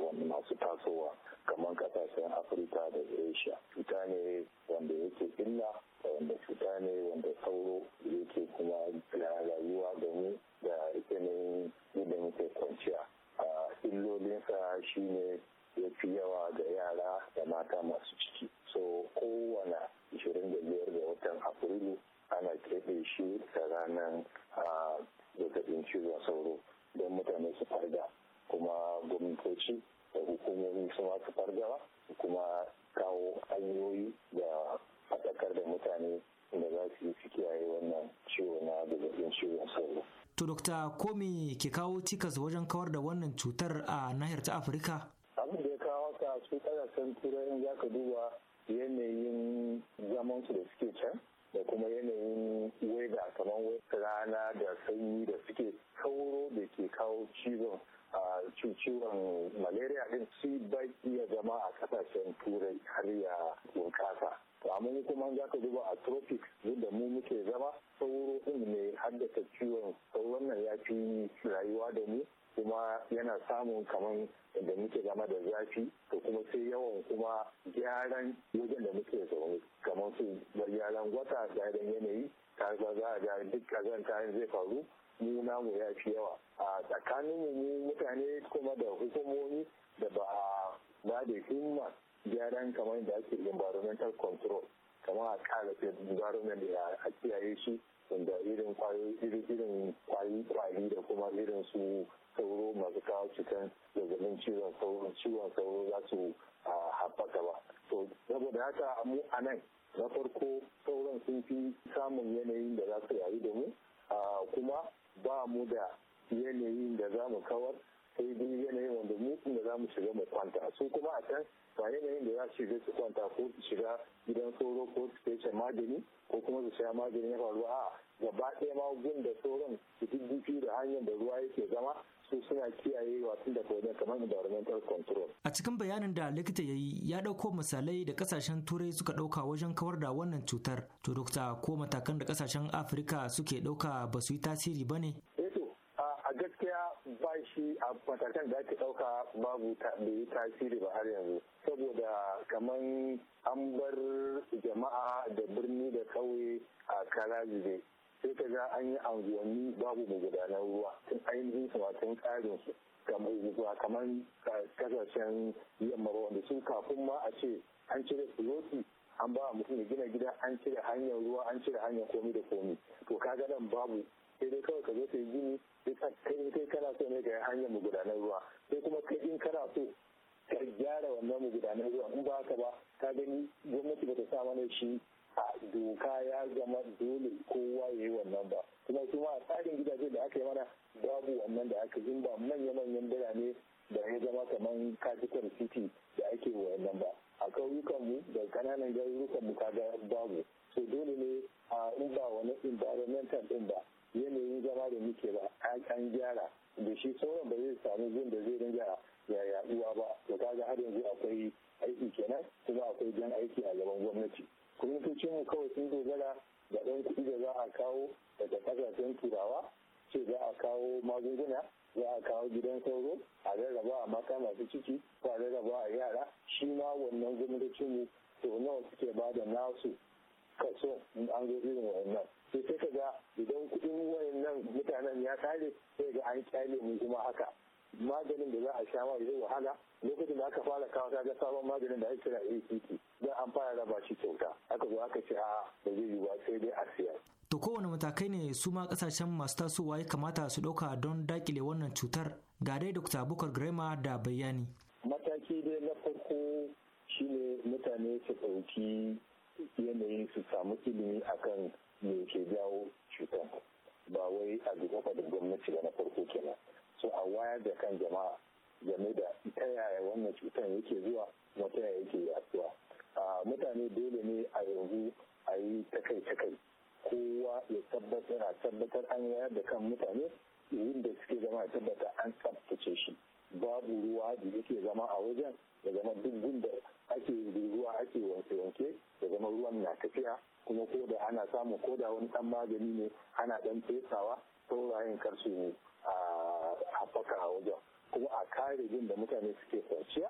wani masu tasowa kamar kasashen afirka da asia cuta ne wanda yake illa wanda cuta ne wanda sauro yake kuma rayuwa da mu da yanayin yadda muke kwanciya illolinsa shine ya fi yawa ga yara da mata masu ciki so kowane 25 ga watan afrilu ana keɓe shi da ranar zazzabin cizon sauro don mutane su farga kuma gwamnatoci da hukumomi su masu fargawa kuma kawo hanyoyi da fadakar da mutane da za su yi su kiyaye wannan ciwo na zazzabin ciwon sauro. To dokta ko me ke kawo cikas wajen kawar da wannan cutar a nahiyar ta Afirka? Abin da ya kawo ka su kasashen turai za ka duba yanayin zaman su da suke can da kuma yanayin weda kamar rana da sanyi da suke sauro da ke kawo cizon A ciwon malaria din su ba iya zama a kasashen turai har ya bunƙasa to amma kuma za ka duba a tropic da mu muke zama sauro din ne haddasa ciwon sauron nan ya fi rayuwa da mu kuma yana samun kamar da muke zama da zafi to kuma sai yawan kuma gyaran wajen da muke zaune kamar su gyaran gwata da yanayi ta za a ga duk kazan kazanta zai faru mu namu ya fi yawa hannun mu mutane kuma da hukumomi da ba ba da himma gyaran kamar da ake environmental control kamar a kala environment da a kiyaye shi da irin kwayoyi irin da kuma irin su sauro masu kawo cikin zazzabin cizon sauro ciwon sauro za su haɓaka ba to saboda haka mu a nan likita ya ɗauko misalai da ƙasashen turai suka ɗauka wajen kawar da wannan cutar to dokta ko matakan da ƙasashen afirka suke ɗauka ba su yi tasiri ba ne eh a gaskiya ba shi a matakan da ake ɗauka babu bai yi tasiri ba har yanzu saboda kamar an bar jama'a da birni da kauye a kalajide sai ka ga an yi anguwanni babu magudanar ruwa tun ainihin su tun tsarin su kamar kasashen ayyukan mu kaga babu so dole ne a in ba wani environmental din ba yanayin zama da muke ba an gyara da shi sauran ba zai samu jin da zai dinga ya yaduwa ba to kaga har yanzu akwai aiki kenan kuma akwai jan aiki a gaban gwamnati to cin kawai sun dogara da ɗan kuɗi da za a kawo daga ƙasashen turawa ce za a kawo magunguna za a kawo gidan sauro a rarraba a mata masu ciki ko a rarraba a yara shi ma wannan gwamnatocin mu to nawa suke ba da nasu kaso in an zo irin wayannan sai sai kaga idan kuɗin wayannan mutanen ya kare sai ga an kyale mu kuma haka maganin da za a sha yau wahala lokacin da aka fara kawo ta ga sabon maganin da ake kira ACT don an fara raba shi kyauta aka zo aka ce a ba zai yi ba sai dai a siya. To kowane matakai ne su ma kasashen masu tasowa ya kamata su ɗauka don dakile wannan cutar ga dai Dr. Bukar Grema da bayani. Mataki dai na farko ne mutane su ɗauki yanayin su samu ilimi akan me ke jawo cutar ba wai a gaba da gwamnati ba na farko kenan so a wayar da kan jama'a game da ta yaya wannan cutar yake zuwa kuma ta yaya yake yaduwa mutane dole ne a yanzu a yi takai takai kowa ya tabbatar a tabbatar an yayar da kan mutane yayin da suke zama a tabbata an tsabtace shi babu ruwa da yake zama a wajen ya zama duk da ake ruwa ake wanke-wanke da zama ruwan na tafiya kuma ko da ana samu ko da wani dan magani ne ana dan fesawa saurayin kar a haɓaka a wajen kuma a kare jin da mutane suke kwanciya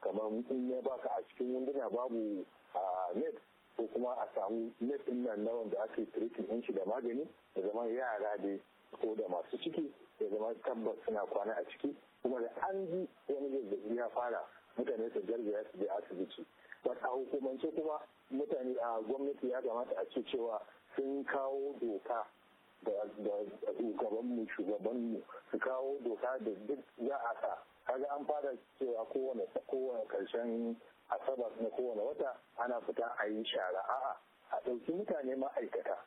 kamar in ya baka a cikin wunduna babu a net ko kuma a samu net ɗin nan na wanda ake tirikin shi da magani da zama yara da ko da masu ciki ya zama tabbas suna kwana a ciki kuma da an ji wani zazzabi ya fara mutane su gargaya su je asibiti wata hukumance kuma mutane a gwamnati ya kamata a ce cewa sun kawo doka da shugabanmu shugabanmu su kawo doka da duk za a sa kaga an fara cewa kowane kowane karshen asabar na kowane wata ana fita a yi shara a'a a ɗauki mutane ma'aikata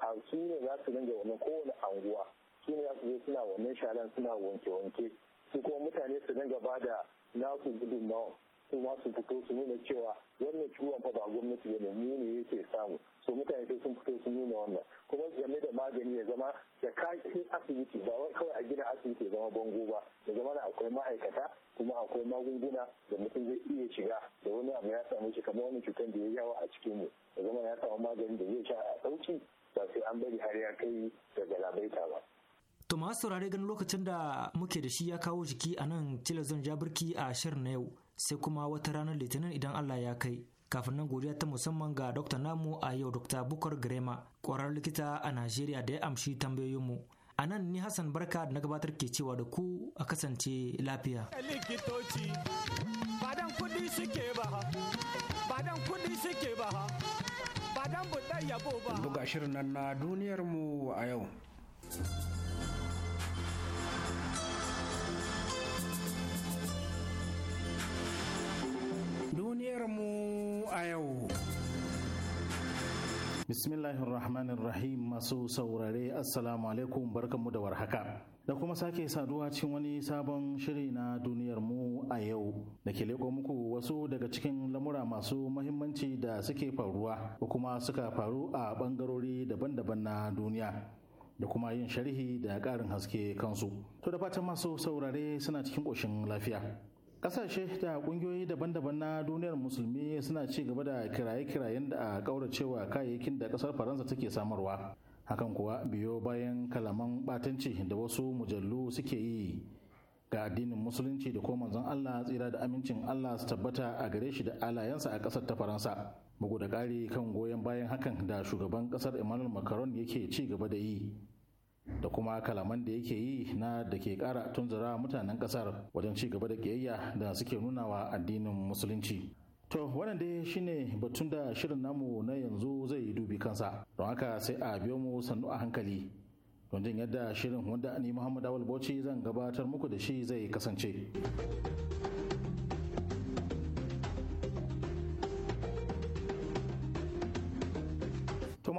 a su ne za su dinga wani kowane anguwa su ne su suna wannan sharan suna wanke-wanke su kuma mutane su dinga ba da nasu gudunmawa su ma fito su nuna cewa wannan ciwon fa ba gwamnati ba ne mu ne yake samu su mutane sai sun fito su nuna wannan kuma game da magani ya zama da kakin asibiti ba wai kawai a gina asibiti ya zama bango ba da zama na akwai ma'aikata kuma akwai magunguna da mutum zai iya shiga da wani abu ya samu shi kamar wani cutar da ya yawa a cikin mu da zama ya samu maganin da zai sha a sauki ba sai an bari har ya kai da galabaita ba. To masu saurare ganin lokacin da muke da shi ya kawo jiki a nan ja Jabirki a shirin na yau sai kuma wata ranar Litinin idan Allah ya kai. Kafin nan godiya ta musamman ga Dr. Namu a yau Dr. Bukar Grema, ƙwararren likita a Najeriya da ya amshi mu A nan ni Hassan Barka da na gabatar ke cewa da ku a kasance lafiya. Likitoci, kuɗi suke ba kuɗi suke ba buɗe yabo ba. Buga shirin nan na duniyarmu a yau. duniyarmu a yau. Bismillahir Rahmanir Rahim masu saurare Assalamu alaikum barkanmu da warhaka. Da kuma sake saduwa cikin wani sabon shiri na duniyarmu a yau da ke leko muku wasu daga cikin lamura masu mahimmanci da suke faruwa ko kuma suka faru a bangarori daban-daban na duniya. da kuma yin sharhi da ƙarin haske kansu. To da fatan masu saurare suna cikin ƙoshin lafiya. kasashe da kungiyoyi daban-daban na duniyar musulmi suna ci gaba da kiraye-kirayen da a kauracewa kayayyakin da kasar faransa take samarwa hakan kuwa biyo bayan kalaman batanci da wasu mujallu suke yi ga addinin musulunci da kuma manzon allah tsira da amincin allah su tabbata a gare shi da alayensa a kasar ta faransa bugu da ƙari kan goyon bayan hakan da shugaban kasar emmanuel macron yake ci gaba da yi da kuma kalaman da yake yi na da ke kara tunzura mutanen kasar wajen ci gaba da kiyayya da suke nunawa addinin musulunci to wannan dai shine batun da shirin namu na yanzu zai yi dubi kansa don haka sai a biyo mu sannu a hankali don yadda shirin wanda ni muhammad awal bauchi zan gabatar muku da shi zai kasance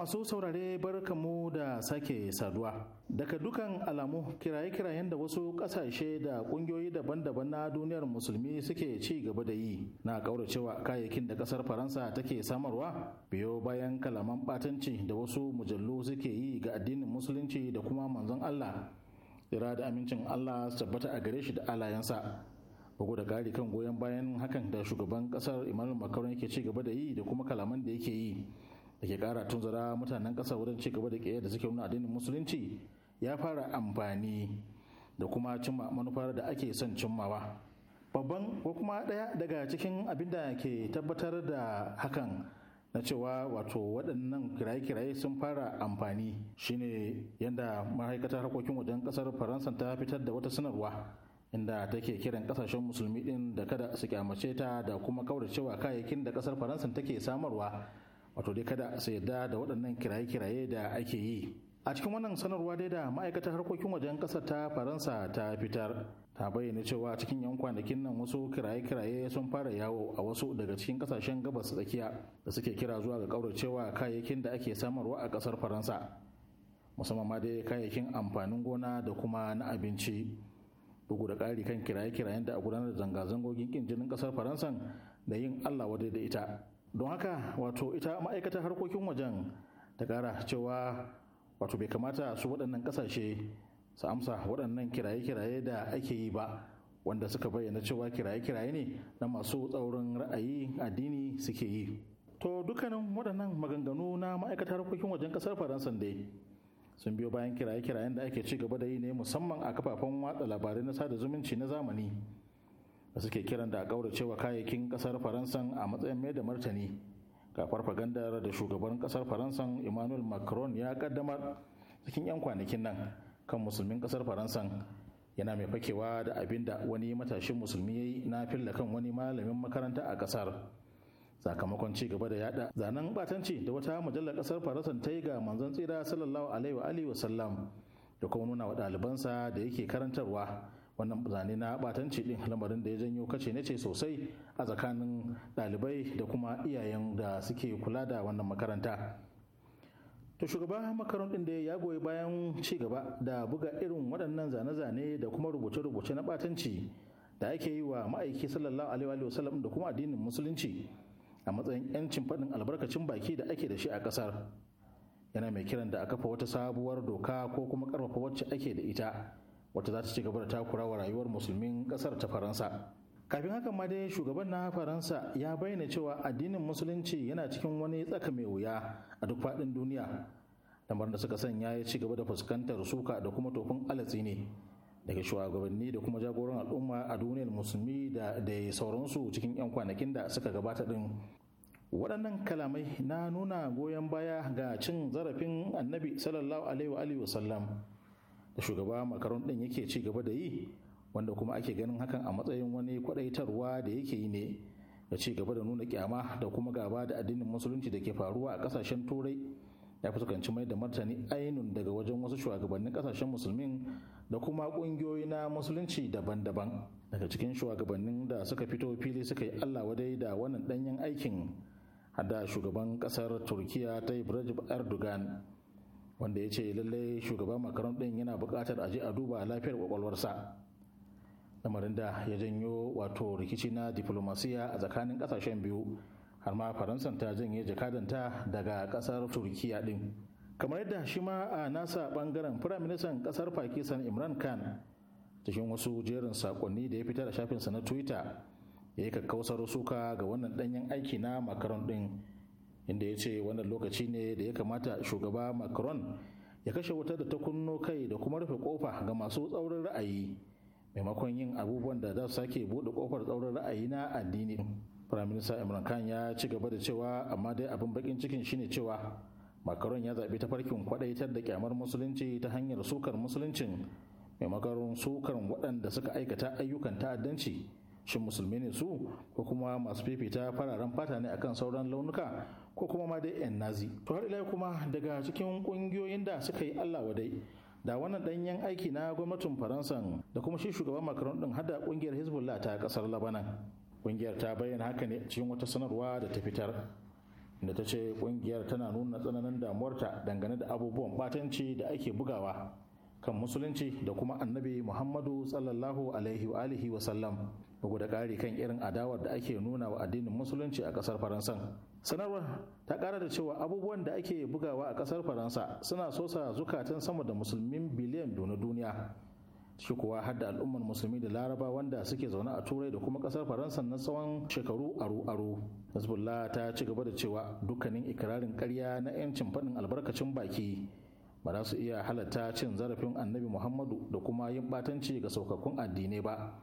masu saurare barkamu da sake saduwa. Daga dukan alamu kiraye-kirayen da wasu ƙasashe da ƙungiyoyi daban-daban na duniyar musulmi suke ci gaba da yi na ƙauracewa kayayyakin da ƙasar Faransa take samarwa biyo bayan kalaman ɓatanci da wasu mujallu suke yi ga addinin musulunci da kuma manzon Allah. Ira da amincin Allah tabbata a gare shi da alayensa. bugu da gari kan goyon bayan hakan da shugaban kasar Emmanuel Macron yake ci gaba da yi da kuma kalaman da yake yi da ke kara zara, mutanen kasa wurin ci gaba da ƙiyar da suke nuna addinin musulunci ya fara amfani da kuma cimma manufar da ake son cimmawa babban ko kuma ɗaya daga cikin abin da ke tabbatar da hakan na cewa wato waɗannan kiraye-kiraye sun fara amfani shine yadda ma'aikatar harkokin wajen ƙasar faransa ta fitar da wata sanarwa inda take kiran ƙasashen musulmi ɗin da kada su kyamace ta da kuma cewa kayayyakin da ƙasar faransa take samarwa wato dai kada su yarda da waɗannan kiraye-kiraye da ake yi a cikin wannan sanarwa dai da ma'aikatar harkokin wajen ƙasar ta faransa ta fitar ta bayyana cewa cikin yan kwanakin nan wasu kiraye-kiraye sun fara yawo a wasu daga cikin ƙasashen gabas tsakiya da suke kira zuwa ga kauracewa kayayyakin da ake samarwa a ƙasar faransa musamman ma dai kayayyakin amfanin gona da kuma na abinci bugu da ƙari kan kiraye-kirayen da a gudanar da zanga-zangogin ƙin jinin ƙasar faransan da yin allah wadai da ita don haka wato ita ma'aikatar harkokin wajen ta kara cewa wato bai kamata su waɗannan ƙasashe su amsa waɗannan kiraye-kiraye da ake yi ba wanda suka bayyana cewa kiraye-kiraye ne na masu tsaurin ra'ayi addini suke yi to dukkanin waɗannan maganganu na ma'aikatar harkokin wajen ƙasar faransa dai sun biyo bayan kiraye-kirayen da ake ci gaba da yi ne musamman a kafafen watsa labarai na sada zumunci na zamani da suke kiran da a kauracewa kayayyakin kasar faransan a matsayin mai da martani ga farfagandar da shugaban kasar faransan emmanuel macron ya kaddamar cikin 'yan kwanakin nan kan musulmin kasar faransan yana mai fakewa da abin da wani matashin musulmi ya yi na filla kan wani malamin makaranta a kasar sakamakon ci gaba da yada zanen batanci da wata mujallar kasar faransan ta yi ga manzon tsira sallallahu alaihi wa sallam da kuma nuna wa ɗalibansa da yake karantarwa wannan zane na batanci din lamarin da ya janyo kace ne ce sosai a tsakanin dalibai da kuma iyayen da suke kula da wannan makaranta to shugaba makarantun da ya goyi bayan ci gaba da buga irin waɗannan zane-zane da kuma rubuce-rubuce na batanci da ake yi wa ma'aiki sallallahu alaihi wa da kuma addinin musulunci a matsayin 'yancin faɗin albarkacin baki da ake da shi a ƙasar yana mai kiran da a kafa wata sabuwar doka ko kuma ƙarfafa wacce ake da ita wata za ta ci gaba da takura wa rayuwar musulmin kasar ta faransa kafin hakan ma dai shugaban na faransa ya bayyana cewa addinin musulunci yana cikin wani tsaka mai wuya a duk faɗin duniya lamar da suka sanya ya ci gaba da fuskantar suka da kuma tofin alatsi ne daga shugabanni da kuma jagoran al'umma a duniyar musulmi da da sauransu cikin 'yan kwanakin da suka gabata din waɗannan kalamai na nuna goyon baya ga cin zarafin annabi sallallahu alaihi wa sallam da shugaba makaron din yake ci gaba da yi wanda kuma ake ganin hakan a matsayin wani kwaɗaitarwa da yake yi ne ya ci gaba da nuna kyama da kuma gaba da addinin musulunci da ke faruwa a kasashen turai ya fuskanci mai da martani ainun daga wajen wasu shugabannin kasashen musulmin da kuma kungiyoyi na musulunci daban-daban daga cikin shugabannin da suka fito fili suka yi allah wadai da wannan danyen aikin hada shugaban kasar turkiya ta Ibrahim erdogan wanda ya ce lallai shugaban makaron din yana bukatar a je a duba lafiyar kwakwalwarsa lamarin da ya janyo wato rikici na diflomasiya a tsakanin ƙasashen biyu har ma faransan ta janye jakadanta daga kasar turkiya din. kamar yadda shi ma a nasa bangaren firaministan ƙasar pakistan imran khan cikin wasu jerin saƙonni da ya fitar a shafinsa na twitter ya yi kakkausar suka ga wannan ɗanyen aiki na makaron din inda ya ce wannan lokaci ne da ya kamata shugaba macron ya kashe wutar da ta kunno kai da kuma rufe kofa ga masu tsaurin ra'ayi maimakon yin abubuwan da za su sake buɗe kofar tsaurin ra'ayi na addini firaminista imran khan ya ci gaba da cewa amma dai abin bakin cikin shine cewa macron ya zaɓi tafarkin kwaɗaitar da kyamar musulunci ta hanyar sukar musuluncin maimakon sukar waɗanda suka aikata ayyukan ta'addanci shin musulmi ne su ko kuma masu fifita fararen fata ne akan sauran launuka ko kuma ma dai 'yan nazi to har ila kuma daga cikin kungiyoyin da suka yi allah wadai da wannan danyen aiki na gwamnatin faransa da kuma shi shugaban macron din hada kungiyar hezbollah ta kasar labanan kungiyar ta bayyana haka ne cikin wata sanarwa da ta fitar da ta ce kungiyar tana nuna tsananin damuwarta dangane da abubuwan batanci da ake bugawa kan musulunci da kuma annabi muhammadu sallallahu alaihi wa alihi wa sallam bugu da ƙari kan irin adawar da ake nuna wa addinin musulunci a ƙasar Faransa sanarwar ta ƙara da cewa abubuwan da ake bugawa a ƙasar faransa suna sosa zukatan sama da musulmin biliyan na duniya shi kuwa har da al'ummar musulmi da laraba wanda suke zaune a turai da kuma ƙasar faransa na tsawon shekaru aru aru hezbollah ta ci gaba da cewa dukkanin ikirarin karya na 'yancin faɗin albarkacin baki ba za su iya halatta cin zarafin annabi muhammadu da kuma yin ɓatanci ga saukakkun addinai ba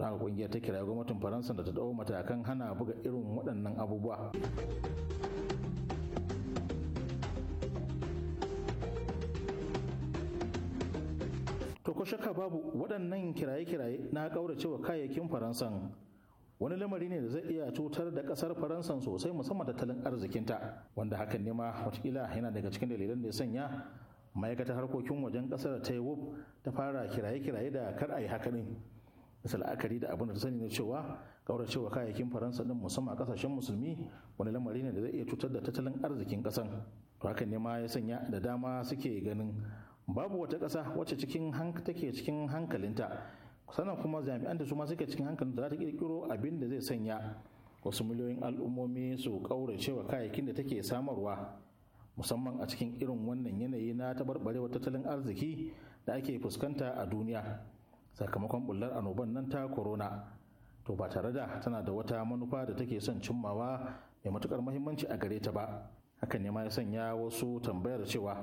da kungiyar ta kira gwamnatin faransa da ta dawo matakan hana buga irin waɗannan abubuwa to ko shakka babu waɗannan kiraye-kiraye na ƙauracewa kayayyakin faransan wani lamari ne da zai iya cutar da kasar faransan sosai musamman tattalin arzikinta wanda hakan ne ma watakila yana daga cikin dalilan da ya sanya ma'aikatar harkokin wajen kasar ta yi ta fara kiraye-kiraye da kar a yi haka hakanin bisa la'akari da abin da ta sani na cewa cewa kayayyakin faransa din musamman a kasashen musulmi wani lamari ne da zai iya cutar da tattalin arzikin kasan to haka ne ma ya sanya da dama suke ganin babu wata kasa wacce cikin take cikin hankalinta sannan kuma jami'an da su ma suke cikin hankalin da za ta kirkiro abin da zai sanya wasu miliyoyin al'ummomi su cewa kayayyakin da take samarwa musamman a cikin irin wannan yanayi na tabarbarewar tattalin arziki da ake fuskanta a duniya sakamakon bullar annoban nan ta corona to ba tare da tana da wata manufa da take son cimmawa mai matukar muhimmanci a gare ta ba hakan ne ma ya sanya wasu tambayar cewa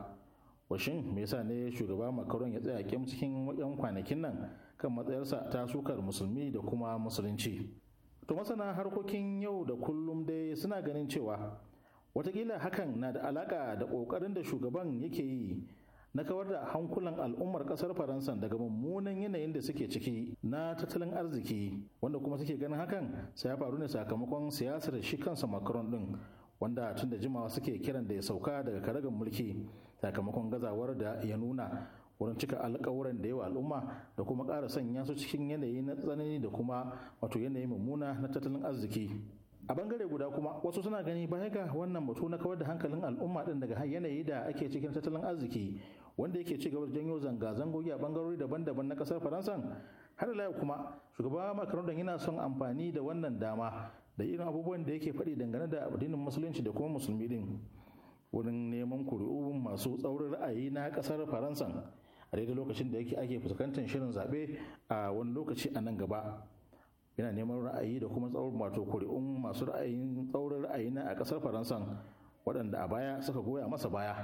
washin me yasa ne shugaba makaron ya tsaya kim cikin yan kwanakin nan kan matsayarsa ta sukar musulmi da kuma musulunci to masana harkokin yau da kullum dai suna ganin cewa watakila hakan na da alaka da kokarin da shugaban yake yi na kawar da hankulan al'ummar kasar faransa daga mummunan yanayin da suke ciki na tattalin arziki wanda kuma suke ganin hakan sai ya faru ne sakamakon siyasar shi kansa macron din wanda tun da jimawa suke kiran da ya sauka daga karagar mulki sakamakon gazawar da ya nuna wurin cika alkawuran da yawa al'umma da kuma ƙara sanya su cikin yanayi na tsanani da kuma wato yanayi mummuna na tattalin arziki a bangare guda kuma wasu suna gani baya ga wannan batu na kawar da hankalin al'umma din daga yanayi da ake cikin tattalin arziki wanda yake ci gaba da janyo zanga-zangogi a bangarori daban-daban na kasar faransa har ila kuma shugaba macron don yana son amfani da wannan dama da irin abubuwan da yake faɗi dangane da addinin musulunci da kuma musulmi din wurin neman kuri'u masu tsaurin ra'ayi na kasar faransa a daidai lokacin da yake ake fuskantar shirin zaɓe a wani lokaci a nan gaba yana neman ra'ayi da kuma tsaurin wato kuri'un masu ra'ayin tsaurin ra'ayi na a kasar faransa waɗanda a baya suka goya masa baya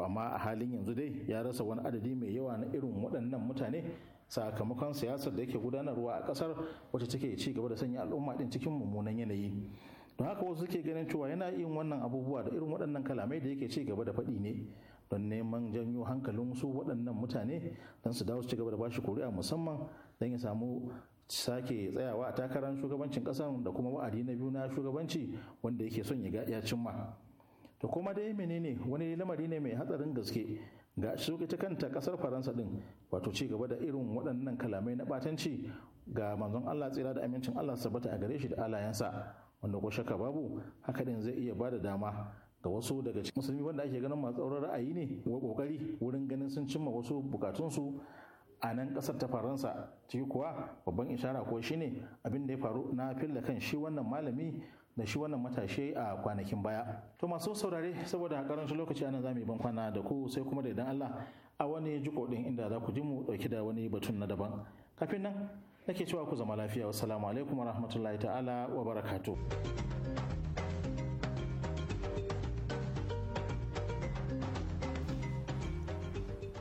to amma a halin yanzu dai ya rasa wani adadi mai yawa na irin waɗannan mutane sakamakon siyasar da yake gudanarwa a ƙasar wacce take ci gaba da sanya al'umma din cikin mummunan yanayi don haka wasu suke ganin cewa yana yin wannan abubuwa da irin waɗannan kalamai da yake ci gaba da faɗi ne don neman janyo hankalin su waɗannan mutane don su dawo su ci gaba da bashi kuri'a musamman don ya samu sake tsayawa a takarar shugabancin ƙasar da kuma wa'adi na biyu na shugabanci wanda yake son ya cimma. to kuma dai menene wani lamari ne mai hatsarin gaske ga su ita kanta kasar faransa din wato ci gaba da irin waɗannan kalamai na batanci ga manzon allah tsira da amincin allah sabbata a gare shi da alayansa wanda ko shaka babu haka din zai iya bada dama ga wasu daga cikin musulmi wanda ake ganin masu tsauran ra'ayi ne wa kokari wurin ganin sun cimma wasu bukatunsu a nan kasar ta faransa ciki kuwa babban ishara ko shine abin da ya faru na filla kan shi wannan malami da shi wannan matashe a kwanakin baya to masu saurare saboda karancin lokaci ana zamu ban kwana da ku sai kuma da idan Allah a wani jiko din inda za ku ji mu dauki da wani batun na daban kafin nan nake cewa ku zama lafiya wassalamu alaikum rahmatullahi ta'ala wa barakatu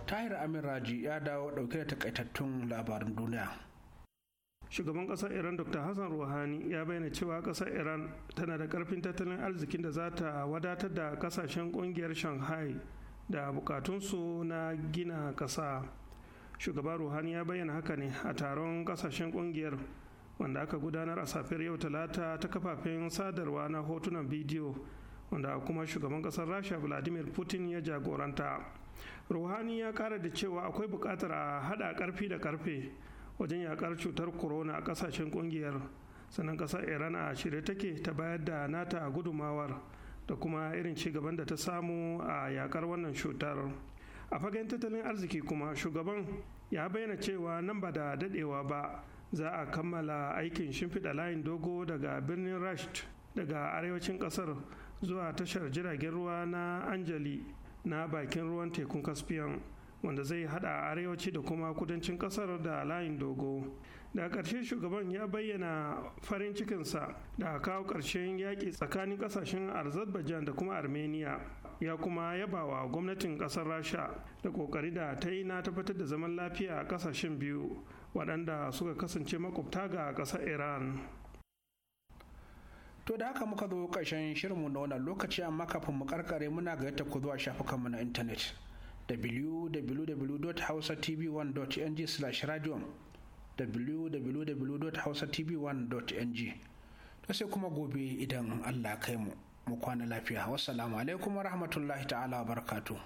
Tahir Amin Raji ya dawo dauke da takaitattun labarin duniya. shugaban kasar iran dr hassan ruhani ya bayyana cewa kasar iran tana da karfin tattalin arzikin da za ta wadatar da kasashen kungiyar shanghai da bukatunsu na gina kasa shugaba ruhani ya bayyana haka ne a taron kasashen kungiyar wanda aka gudanar a safiyar yau talata ta kafafen sadarwa na hotunan bidiyo wanda kuma shugaban kasar rasha vladimir putin ya jagoranta ruhani ya kara da cewa akwai bukatar a haɗa ƙarfi da karfe wajen yakar cutar corona a kasashen kungiyar sanan kasar iran a shirye take ta bayar da nata gudumawar da kuma irin ci gaban da ta samu a yakar wannan cutar a fagen tattalin arziki kuma shugaban ya bayyana cewa nan ba da dadewa ba za a kammala aikin shimfiɗa layin dogo daga birnin rasht daga arewacin kasar zuwa tashar jiragen ruwa na anjali na bakin ruwan tekun caspian wanda zai hada arewaci da kuma kudancin kasar da layin dogo da ƙarshe shugaban ya bayyana farin cikinsa da kawo ƙarshen yaƙi tsakanin ƙasashen azerbaijan da kuma armenia ya kuma yabawa gwamnatin ƙasar rasha da ƙoƙari da ta yi na tabbatar da zaman lafiya a ƙasashen biyu waɗanda suka kasance makwabta ga ƙasar iran To da haka muka zo ƙarshen shirinmu na wannan lokaci amma kafin mu karkare muna gayyata ku zuwa shafukanmu na intanet. www.hausatv1.ng/radio www.hausatv1.ng to sai kuma gobe idan Allah kai mu mu kwana lafiya wassalamu alaikum wa rahmatullahi ta'ala wa barakatuh